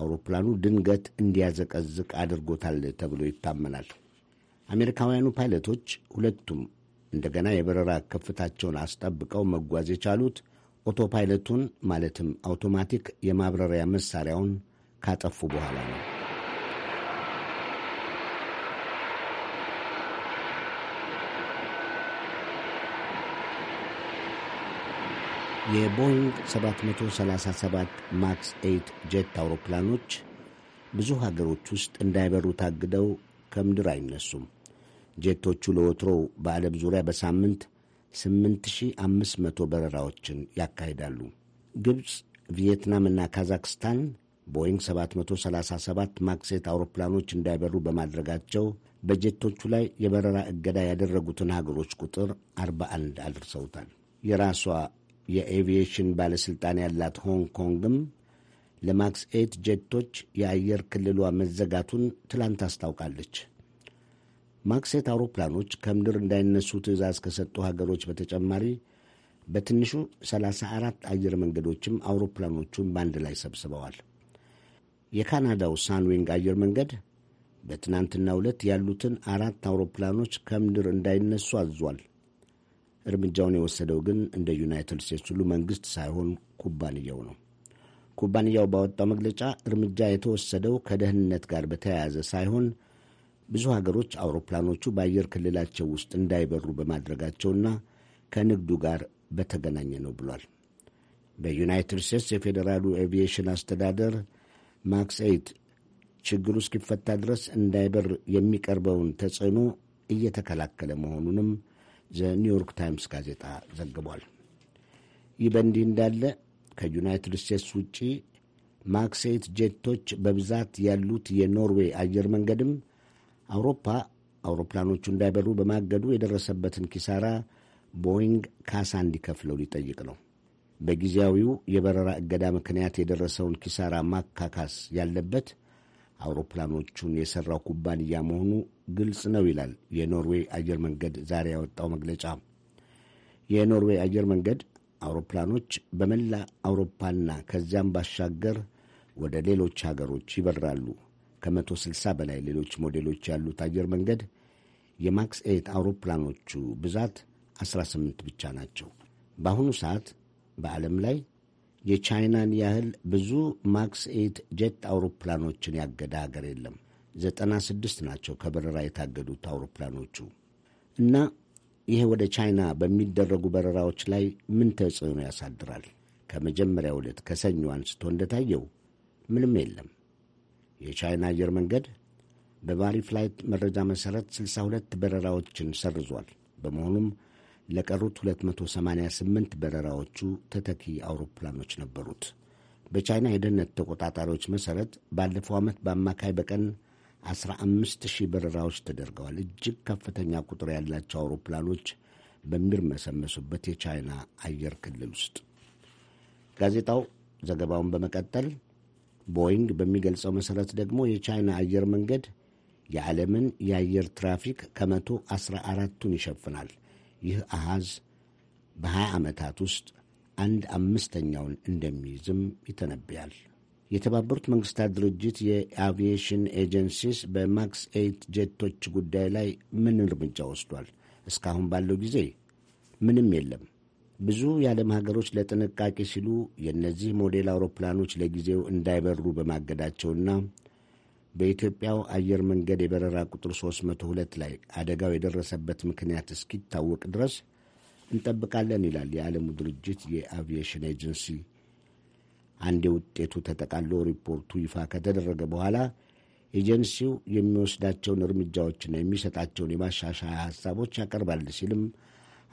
አውሮፕላኑ ድንገት እንዲያዘቀዝቅ አድርጎታል ተብሎ ይታመናል። አሜሪካውያኑ ፓይለቶች ሁለቱም እንደገና የበረራ ከፍታቸውን አስጠብቀው መጓዝ የቻሉት ኦቶፓይለቱን ማለትም አውቶማቲክ የማብረሪያ መሳሪያውን ካጠፉ በኋላ ነው። የቦይንግ 737 ማክስ 8 ጄት አውሮፕላኖች ብዙ ሀገሮች ውስጥ እንዳይበሩ ታግደው ከምድር አይነሱም። ጄቶቹ ለወትሮው በዓለም ዙሪያ በሳምንት 8500 በረራዎችን ያካሂዳሉ። ግብፅ፣ ቪየትናምና ካዛክስታን ቦይንግ 737 ማክሴት አውሮፕላኖች እንዳይበሩ በማድረጋቸው በጀቶቹ ላይ የበረራ እገዳ ያደረጉትን ሀገሮች ቁጥር 41 አድርሰውታል። የራሷ የኤቪዬሽን ባለሥልጣን ያላት ሆንግ ኮንግም ለማክስ ኤት ጀቶች የአየር ክልሏ መዘጋቱን ትላንት አስታውቃለች። ማክሴት አውሮፕላኖች ከምድር እንዳይነሱ ትዕዛዝ ከሰጡ ሀገሮች በተጨማሪ በትንሹ 34 አየር መንገዶችም አውሮፕላኖቹን በአንድ ላይ ሰብስበዋል። የካናዳው ሳንዊንግ አየር መንገድ በትናንትናው ዕለት ያሉትን አራት አውሮፕላኖች ከምድር እንዳይነሱ አዟል። እርምጃውን የወሰደው ግን እንደ ዩናይትድ ስቴትስ ሁሉ መንግሥት ሳይሆን ኩባንያው ነው። ኩባንያው ባወጣው መግለጫ እርምጃ የተወሰደው ከደህንነት ጋር በተያያዘ ሳይሆን ብዙ ሀገሮች አውሮፕላኖቹ በአየር ክልላቸው ውስጥ እንዳይበሩ በማድረጋቸውና ከንግዱ ጋር በተገናኘ ነው ብሏል። በዩናይትድ ስቴትስ የፌዴራሉ ኤቪዬሽን አስተዳደር ማክስ ኤይት ችግሩ እስኪፈታ ድረስ እንዳይበር የሚቀርበውን ተጽዕኖ እየተከላከለ መሆኑንም ኒውዮርክ ታይምስ ጋዜጣ ዘግቧል። ይህ በእንዲህ እንዳለ ከዩናይትድ ስቴትስ ውጪ ማክስ ኤይት ጄቶች በብዛት ያሉት የኖርዌይ አየር መንገድም አውሮፓ አውሮፕላኖቹ እንዳይበሩ በማገዱ የደረሰበትን ኪሳራ ቦይንግ ካሳ እንዲከፍለው ሊጠይቅ ነው። በጊዜያዊው የበረራ እገዳ ምክንያት የደረሰውን ኪሳራ ማካካስ ያለበት አውሮፕላኖቹን የሠራው ኩባንያ መሆኑ ግልጽ ነው ይላል የኖርዌይ አየር መንገድ ዛሬ ያወጣው መግለጫ። የኖርዌይ አየር መንገድ አውሮፕላኖች በመላ አውሮፓና ከዚያም ባሻገር ወደ ሌሎች ሀገሮች ይበራሉ። ከ160 በላይ ሌሎች ሞዴሎች ያሉት አየር መንገድ የማክስ ኤት አውሮፕላኖቹ ብዛት 18 ብቻ ናቸው። በአሁኑ ሰዓት በዓለም ላይ የቻይናን ያህል ብዙ ማክስ ኤት ጀት አውሮፕላኖችን ያገደ ሀገር የለም። 96 ናቸው ከበረራ የታገዱት አውሮፕላኖቹ እና ይሄ ወደ ቻይና በሚደረጉ በረራዎች ላይ ምን ተጽዕኖ ያሳድራል? ከመጀመሪያው ዕለት ከሰኞ አንስቶ እንደታየው ምንም የለም። የቻይና አየር መንገድ በባሪ ፍላይት መረጃ መሠረት 62 በረራዎችን ሰርዟል። በመሆኑም ለቀሩት 288 በረራዎቹ ተተኪ አውሮፕላኖች ነበሩት። በቻይና የደህንነት ተቆጣጣሪዎች መሠረት ባለፈው ዓመት በአማካይ በቀን 15 በረራዎች ተደርገዋል። እጅግ ከፍተኛ ቁጥር ያላቸው አውሮፕላኖች በሚርመሰመሱበት የቻይና አየር ክልል ውስጥ ጋዜጣው ዘገባውን በመቀጠል ቦይንግ በሚገልጸው መሠረት ደግሞ የቻይና አየር መንገድ የዓለምን የአየር ትራፊክ ከመቶ 14 አራቱን ይሸፍናል። ይህ አሃዝ በ20 ዓመታት ውስጥ አንድ አምስተኛውን እንደሚይዝም ይተነብያል። የተባበሩት መንግሥታት ድርጅት የአቪዬሽን ኤጀንሲስ በማክስ ኤይት ጄቶች ጉዳይ ላይ ምን እርምጃ ወስዷል? እስካሁን ባለው ጊዜ ምንም የለም። ብዙ የዓለም ሀገሮች ለጥንቃቄ ሲሉ የእነዚህ ሞዴል አውሮፕላኖች ለጊዜው እንዳይበሩ በማገዳቸውና በኢትዮጵያው አየር መንገድ የበረራ ቁጥር 302 ላይ አደጋው የደረሰበት ምክንያት እስኪታወቅ ድረስ እንጠብቃለን ይላል የዓለሙ ድርጅት የአቪዬሽን ኤጀንሲ። አንድ የውጤቱ ተጠቃሎ ሪፖርቱ ይፋ ከተደረገ በኋላ ኤጀንሲው የሚወስዳቸውን እርምጃዎችና የሚሰጣቸውን የማሻሻያ ሀሳቦች ያቀርባል ሲልም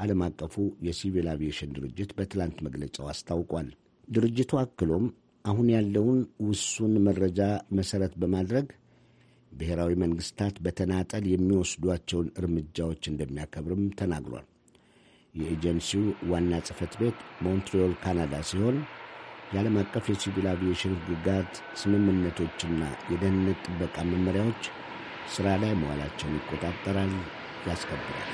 ዓለም አቀፉ የሲቪል አቪዬሽን ድርጅት በትላንት መግለጫው አስታውቋል። ድርጅቱ አክሎም አሁን ያለውን ውሱን መረጃ መሠረት በማድረግ ብሔራዊ መንግስታት በተናጠል የሚወስዷቸውን እርምጃዎች እንደሚያከብርም ተናግሯል። የኤጀንሲው ዋና ጽሕፈት ቤት ሞንትሪዮል ካናዳ ሲሆን የዓለም አቀፍ የሲቪል አቪዬሽን ሕግጋት፣ ስምምነቶችና የደህንነት ጥበቃ መመሪያዎች ሥራ ላይ መዋላቸውን ይቆጣጠራል፣ ያስከብራል።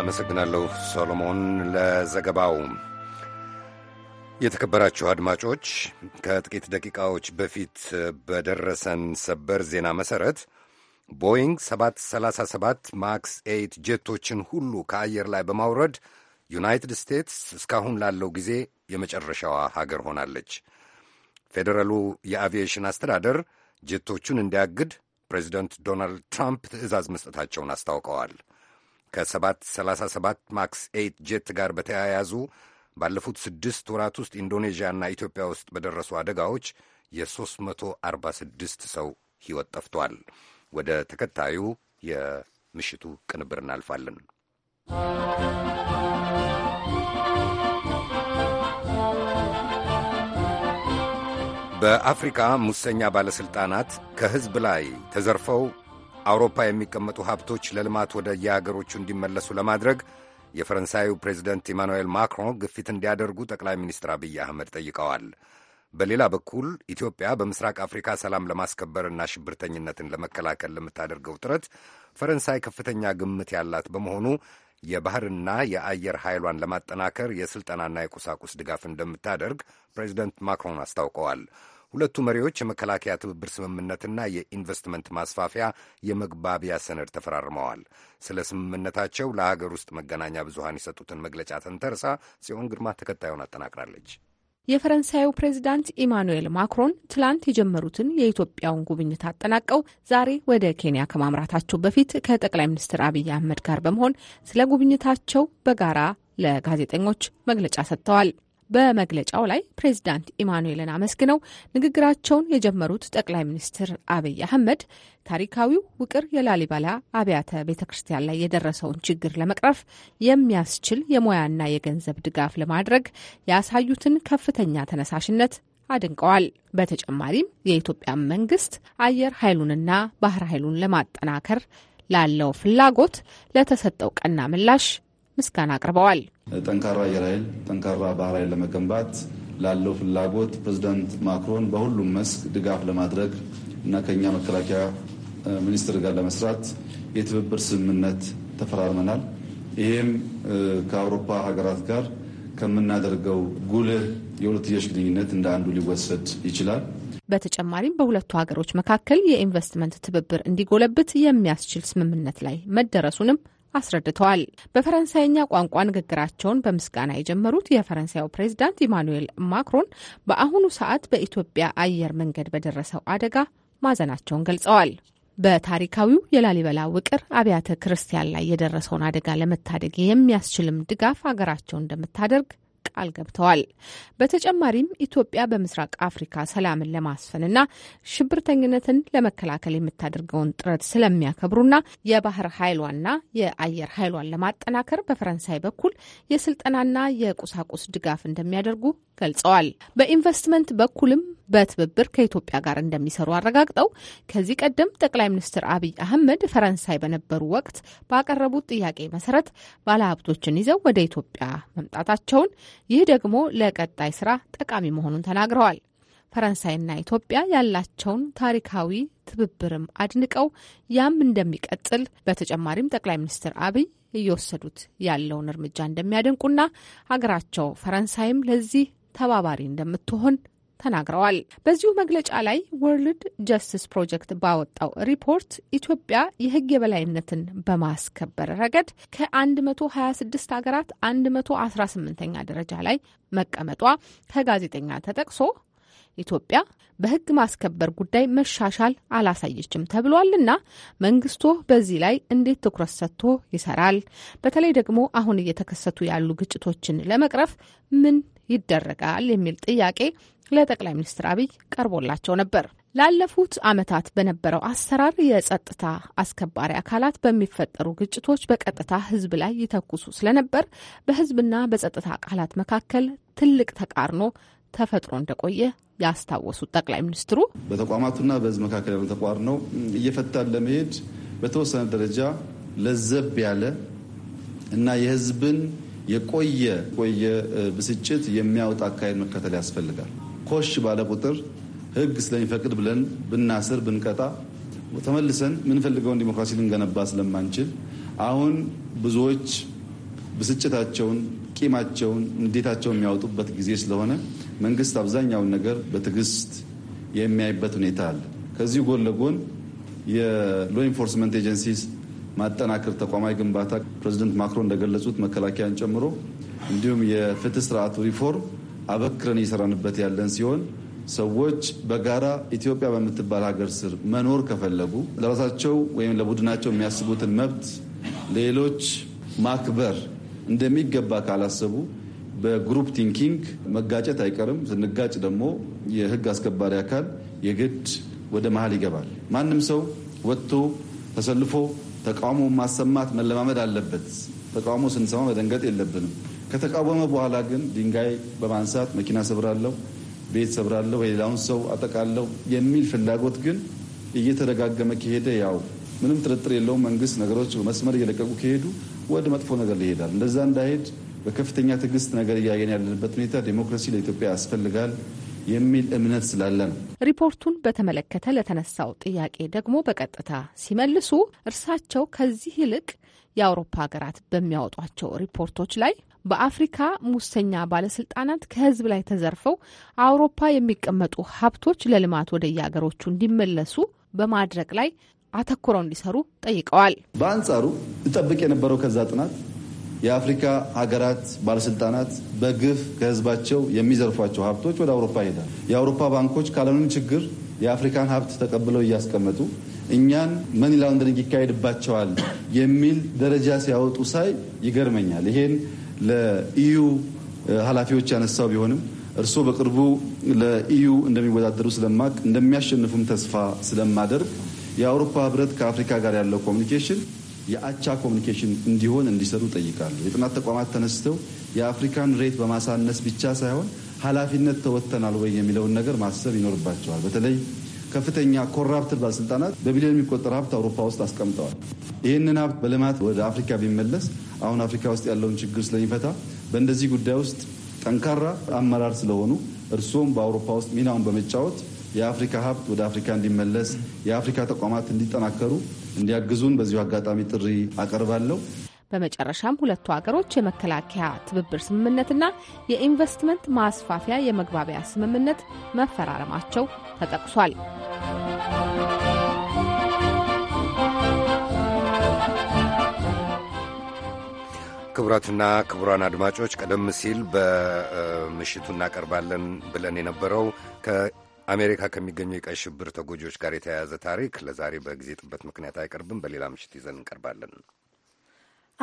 አመሰግናለሁ ሶሎሞን ለዘገባው። የተከበራችሁ አድማጮች ከጥቂት ደቂቃዎች በፊት በደረሰን ሰበር ዜና መሠረት ቦይንግ 737 ማክስ 8 ጄቶችን ሁሉ ከአየር ላይ በማውረድ ዩናይትድ ስቴትስ እስካሁን ላለው ጊዜ የመጨረሻዋ ሀገር ሆናለች። ፌዴራሉ የአቪዬሽን አስተዳደር ጀቶቹን እንዲያግድ ፕሬዚደንት ዶናልድ ትራምፕ ትዕዛዝ መስጠታቸውን አስታውቀዋል። ከ737 ማክስ 8 ጄት ጋር በተያያዙ ባለፉት ስድስት ወራት ውስጥ ኢንዶኔዥያና ኢትዮጵያ ውስጥ በደረሱ አደጋዎች የ346 ሰው ሕይወት ጠፍቷል። ወደ ተከታዩ የምሽቱ ቅንብር እናልፋለን። በአፍሪካ ሙሰኛ ባለሥልጣናት ከሕዝብ ላይ ተዘርፈው አውሮፓ የሚቀመጡ ሀብቶች ለልማት ወደ የአገሮቹ እንዲመለሱ ለማድረግ የፈረንሳዩ ፕሬዚደንት ኢማኑኤል ማክሮን ግፊት እንዲያደርጉ ጠቅላይ ሚኒስትር አብይ አህመድ ጠይቀዋል። በሌላ በኩል ኢትዮጵያ በምስራቅ አፍሪካ ሰላም ለማስከበርና ሽብርተኝነትን ለመከላከል ለምታደርገው ጥረት ፈረንሳይ ከፍተኛ ግምት ያላት በመሆኑ የባህርና የአየር ኃይሏን ለማጠናከር የሥልጠናና የቁሳቁስ ድጋፍ እንደምታደርግ ፕሬዚደንት ማክሮን አስታውቀዋል። ሁለቱ መሪዎች የመከላከያ ትብብር ስምምነትና የኢንቨስትመንት ማስፋፊያ የመግባቢያ ሰነድ ተፈራርመዋል። ስለ ስምምነታቸው ለሀገር ውስጥ መገናኛ ብዙሃን የሰጡትን መግለጫ ተንተርሳ ጽዮን ግርማ ተከታዩን አጠናቅራለች። የፈረንሳዩ ፕሬዚዳንት ኢማኑኤል ማክሮን ትላንት የጀመሩትን የኢትዮጵያውን ጉብኝት አጠናቀው ዛሬ ወደ ኬንያ ከማምራታቸው በፊት ከጠቅላይ ሚኒስትር አብይ አህመድ ጋር በመሆን ስለ ጉብኝታቸው በጋራ ለጋዜጠኞች መግለጫ ሰጥተዋል። በመግለጫው ላይ ፕሬዚዳንት ኢማኑኤልን አመስግነው ንግግራቸውን የጀመሩት ጠቅላይ ሚኒስትር አብይ አህመድ ታሪካዊው ውቅር የላሊበላ አብያተ ቤተ ክርስቲያን ላይ የደረሰውን ችግር ለመቅረፍ የሚያስችል የሙያና የገንዘብ ድጋፍ ለማድረግ ያሳዩትን ከፍተኛ ተነሳሽነት አድንቀዋል። በተጨማሪም የኢትዮጵያ መንግስት አየር ኃይሉንና ባህር ኃይሉን ለማጠናከር ላለው ፍላጎት ለተሰጠው ቀና ምላሽ ምስጋና አቅርበዋል። ጠንካራ አየር ኃይል፣ ጠንካራ ባህር ኃይል ለመገንባት ላለው ፍላጎት ፕሬዚዳንት ማክሮን በሁሉም መስክ ድጋፍ ለማድረግ እና ከእኛ መከላከያ ሚኒስትር ጋር ለመስራት የትብብር ስምምነት ተፈራርመናል። ይህም ከአውሮፓ ሀገራት ጋር ከምናደርገው ጉልህ የሁለትዮሽ ግንኙነት እንደ አንዱ ሊወሰድ ይችላል። በተጨማሪም በሁለቱ ሀገሮች መካከል የኢንቨስትመንት ትብብር እንዲጎለብት የሚያስችል ስምምነት ላይ መደረሱንም አስረድተዋል። በፈረንሳይኛ ቋንቋ ንግግራቸውን በምስጋና የጀመሩት የፈረንሳዩ ፕሬዚዳንት ኢማኑኤል ማክሮን በአሁኑ ሰዓት በኢትዮጵያ አየር መንገድ በደረሰው አደጋ ማዘናቸውን ገልጸዋል። በታሪካዊው የላሊበላ ውቅር አብያተ ክርስቲያን ላይ የደረሰውን አደጋ ለመታደግ የሚያስችልም ድጋፍ አገራቸው እንደምታደርግ ቃል ገብተዋል። በተጨማሪም ኢትዮጵያ በምስራቅ አፍሪካ ሰላምን ለማስፈንና ሽብርተኝነትን ለመከላከል የምታደርገውን ጥረት ስለሚያከብሩና የባህር ኃይሏና የአየር ኃይሏን ለማጠናከር በፈረንሳይ በኩል የስልጠናና የቁሳቁስ ድጋፍ እንደሚያደርጉ ገልጸዋል። በኢንቨስትመንት በኩልም በትብብር ከኢትዮጵያ ጋር እንደሚሰሩ አረጋግጠው ከዚህ ቀደም ጠቅላይ ሚኒስትር አብይ አህመድ ፈረንሳይ በነበሩ ወቅት ባቀረቡት ጥያቄ መሰረት ባለሀብቶችን ይዘው ወደ ኢትዮጵያ መምጣታቸውን ይህ ደግሞ ለቀጣይ ስራ ጠቃሚ መሆኑን ተናግረዋል። ፈረንሳይና ኢትዮጵያ ያላቸውን ታሪካዊ ትብብርም አድንቀው ያም እንደሚቀጥል በተጨማሪም ጠቅላይ ሚኒስትር አብይ እየወሰዱት ያለውን እርምጃ እንደሚያደንቁና ሀገራቸው ፈረንሳይም ለዚህ ተባባሪ እንደምትሆን ተናግረዋል። በዚሁ መግለጫ ላይ ወርልድ ጀስቲስ ፕሮጀክት ባወጣው ሪፖርት ኢትዮጵያ የሕግ የበላይነትን በማስከበር ረገድ ከ126 ሀገራት 118ኛ ደረጃ ላይ መቀመጧ ከጋዜጠኛ ተጠቅሶ ኢትዮጵያ በህግ ማስከበር ጉዳይ መሻሻል አላሳየችም ተብሏልና መንግስቶ በዚህ ላይ እንዴት ትኩረት ሰጥቶ ይሰራል? በተለይ ደግሞ አሁን እየተከሰቱ ያሉ ግጭቶችን ለመቅረፍ ምን ይደረጋል? የሚል ጥያቄ ለጠቅላይ ሚኒስትር አብይ ቀርቦላቸው ነበር። ላለፉት ዓመታት በነበረው አሰራር የጸጥታ አስከባሪ አካላት በሚፈጠሩ ግጭቶች በቀጥታ ህዝብ ላይ ይተኩሱ ስለነበር በህዝብና በጸጥታ አካላት መካከል ትልቅ ተቃርኖ ተፈጥሮ እንደቆየ ያስታወሱት ጠቅላይ ሚኒስትሩ በተቋማቱና በህዝብ መካከል ያለ ነው እየፈታን ለመሄድ በተወሰነ ደረጃ ለዘብ ያለ እና የህዝብን የቆየ ቆየ ብስጭት የሚያወጣ አካሄድ መከተል ያስፈልጋል። ኮሽ ባለ ቁጥር ህግ ስለሚፈቅድ ብለን ብናስር ብንቀጣ ተመልሰን ምንፈልገውን ዲሞክራሲ ልንገነባ ስለማንችል አሁን ብዙዎች ብስጭታቸውን፣ ቂማቸውን፣ እንዴታቸውን የሚያወጡበት ጊዜ ስለሆነ መንግስት አብዛኛውን ነገር በትዕግስት የሚያይበት ሁኔታ አለ። ከዚህ ጎን ለጎን የሎ ኢንፎርስመንት ኤጀንሲስ ማጠናከር፣ ተቋማዊ ግንባታ ፕሬዚደንት ማክሮን እንደገለጹት መከላከያን ጨምሮ እንዲሁም የፍትህ ስርዓቱ ሪፎርም አበክረን እየሰራንበት ያለን ሲሆን ሰዎች በጋራ ኢትዮጵያ በምትባል ሀገር ስር መኖር ከፈለጉ ለራሳቸው ወይም ለቡድናቸው የሚያስቡትን መብት ሌሎች ማክበር እንደሚገባ ካላሰቡ በግሩፕ ቲንኪንግ መጋጨት አይቀርም። ስንጋጭ ደግሞ የህግ አስከባሪ አካል የግድ ወደ መሀል ይገባል። ማንም ሰው ወጥቶ ተሰልፎ ተቃውሞ ማሰማት መለማመድ አለበት። ተቃውሞ ስንሰማ መደንገጥ የለብንም። ከተቃወመ በኋላ ግን ድንጋይ በማንሳት መኪና ሰብራለሁ፣ ቤት ሰብራለሁ፣ ሌላውን ሰው አጠቃለሁ የሚል ፍላጎት ግን እየተደጋገመ ከሄደ ያው ምንም ጥርጥር የለውም መንግስት ነገሮች መስመር እየለቀቁ ከሄዱ ወደ መጥፎ ነገር ይሄዳል። እንደዛ እንዳይሄድ በከፍተኛ ትዕግስት ነገር እያየን ያለንበት ሁኔታ ዴሞክራሲ ለኢትዮጵያ ያስፈልጋል የሚል እምነት ስላለ ነው። ሪፖርቱን በተመለከተ ለተነሳው ጥያቄ ደግሞ በቀጥታ ሲመልሱ እርሳቸው ከዚህ ይልቅ የአውሮፓ ሀገራት በሚያወጧቸው ሪፖርቶች ላይ በአፍሪካ ሙሰኛ ባለስልጣናት ከህዝብ ላይ ተዘርፈው አውሮፓ የሚቀመጡ ሀብቶች ለልማት ወደየሀገሮቹ እንዲመለሱ በማድረግ ላይ አተኩረው እንዲሰሩ ጠይቀዋል። በአንጻሩ እጠብቅ የነበረው ከዛ ጥናት የአፍሪካ ሀገራት ባለስልጣናት በግፍ ከህዝባቸው የሚዘርፏቸው ሀብቶች ወደ አውሮፓ ይሄዳል። የአውሮፓ ባንኮች ካለንን ችግር የአፍሪካን ሀብት ተቀብለው እያስቀመጡ እኛን መኒ ላውንደሪንግ ይካሄድባቸዋል የሚል ደረጃ ሲያወጡ ሳይ ይገርመኛል። ይሄን ለኢዩ ኃላፊዎች ያነሳው ቢሆንም እርስዎ በቅርቡ ለኢዩ እንደሚወዳደሩ ስለማቅ እንደሚያሸንፉም ተስፋ ስለማደርግ የአውሮፓ ህብረት ከአፍሪካ ጋር ያለው ኮሚኒኬሽን የአቻ ኮሚኒኬሽን እንዲሆን እንዲሰሩ ጠይቃሉ። የጥናት ተቋማት ተነስተው የአፍሪካን ሬት በማሳነስ ብቻ ሳይሆን ኃላፊነት ተወጥተናል ወይ የሚለውን ነገር ማሰብ ይኖርባቸዋል። በተለይ ከፍተኛ ኮራፕት ባለስልጣናት በቢሊዮን የሚቆጠር ሀብት አውሮፓ ውስጥ አስቀምጠዋል። ይህንን ሀብት በልማት ወደ አፍሪካ ቢመለስ አሁን አፍሪካ ውስጥ ያለውን ችግር ስለሚፈታ በእንደዚህ ጉዳይ ውስጥ ጠንካራ አመራር ስለሆኑ እርስዎም በአውሮፓ ውስጥ ሚናውን በመጫወት የአፍሪካ ሀብት ወደ አፍሪካ እንዲመለስ፣ የአፍሪካ ተቋማት እንዲጠናከሩ እንዲያግዙን በዚሁ አጋጣሚ ጥሪ አቀርባለሁ። በመጨረሻም ሁለቱ ሀገሮች የመከላከያ ትብብር ስምምነትና የኢንቨስትመንት ማስፋፊያ የመግባቢያ ስምምነት መፈራረማቸው ተጠቅሷል። ክቡራትና ክቡራን አድማጮች ቀደም ሲል በምሽቱ እናቀርባለን ብለን የነበረው አሜሪካ ከሚገኙ የቀይ ሽብር ተጎጂዎች ጋር የተያያዘ ታሪክ ለዛሬ በጊዜ ጥበት ምክንያት አይቀርብም። በሌላ ምሽት ይዘን እንቀርባለን።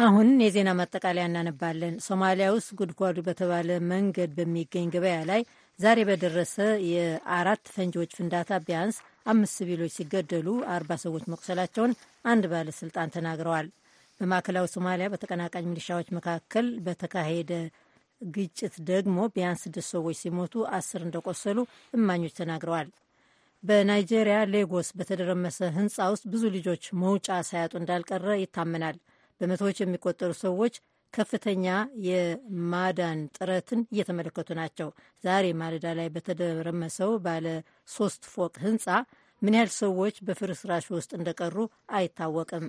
አሁን የዜና ማጠቃለያ እናነባለን። ሶማሊያ ውስጥ ጉድጓዱ በተባለ መንገድ በሚገኝ ገበያ ላይ ዛሬ በደረሰ የአራት ፈንጂዎች ፍንዳታ ቢያንስ አምስት ሲቪሎች ሲገደሉ አርባ ሰዎች መቁሰላቸውን አንድ ባለስልጣን ተናግረዋል። በማዕከላዊ ሶማሊያ በተቀናቃኝ ሚሊሻዎች መካከል በተካሄደ ግጭት ደግሞ ቢያንስ ስድስት ሰዎች ሲሞቱ አስር እንደቆሰሉ እማኞች ተናግረዋል። በናይጄሪያ ሌጎስ በተደረመሰ ህንፃ ውስጥ ብዙ ልጆች መውጫ ሳያጡ እንዳልቀረ ይታመናል። በመቶዎች የሚቆጠሩ ሰዎች ከፍተኛ የማዳን ጥረትን እየተመለከቱ ናቸው። ዛሬ ማለዳ ላይ በተደረመሰው ባለ ሶስት ፎቅ ህንፃ ምን ያህል ሰዎች በፍርስራሽ ውስጥ እንደቀሩ አይታወቅም።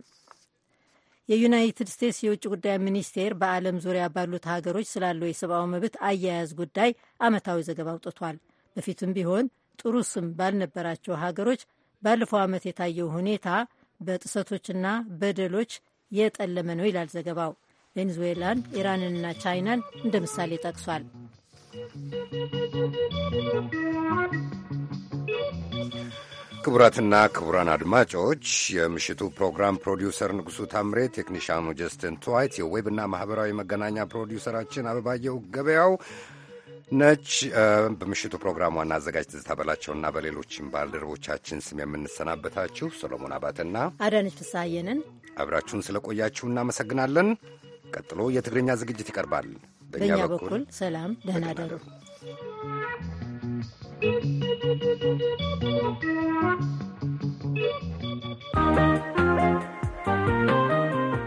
የዩናይትድ ስቴትስ የውጭ ጉዳይ ሚኒስቴር በዓለም ዙሪያ ባሉት ሀገሮች ስላለው የሰብአዊ መብት አያያዝ ጉዳይ ዓመታዊ ዘገባ አውጥቷል። በፊትም ቢሆን ጥሩ ስም ባልነበራቸው ሀገሮች ባለፈው ዓመት የታየው ሁኔታ በጥሰቶችና በደሎች የጠለመ ነው ይላል ዘገባው። ቬንዙዌላን፣ ኢራንንና ቻይናን እንደ ምሳሌ ጠቅሷል። ክቡራትና ክቡራን አድማጮች የምሽቱ ፕሮግራም ፕሮዲውሰር ንጉሡ ታምሬ፣ ቴክኒሻኑ ጀስትን ትዋይት፣ የዌብና ማኅበራዊ መገናኛ ፕሮዲውሰራችን አበባየው ገበያው ነች። በምሽቱ ፕሮግራም ዋና አዘጋጅ ትዝታ በላቸውና በሌሎችም ባልደረቦቻችን ስም የምንሰናበታችሁ ሰሎሞን አባትና አዳነች ፍሳየንን አብራችሁን ቆያችሁ እናመሰግናለን። ቀጥሎ የትግርኛ ዝግጅት ይቀርባል። በእኛ በኩል ሰላም፣ ደህና ደሩ።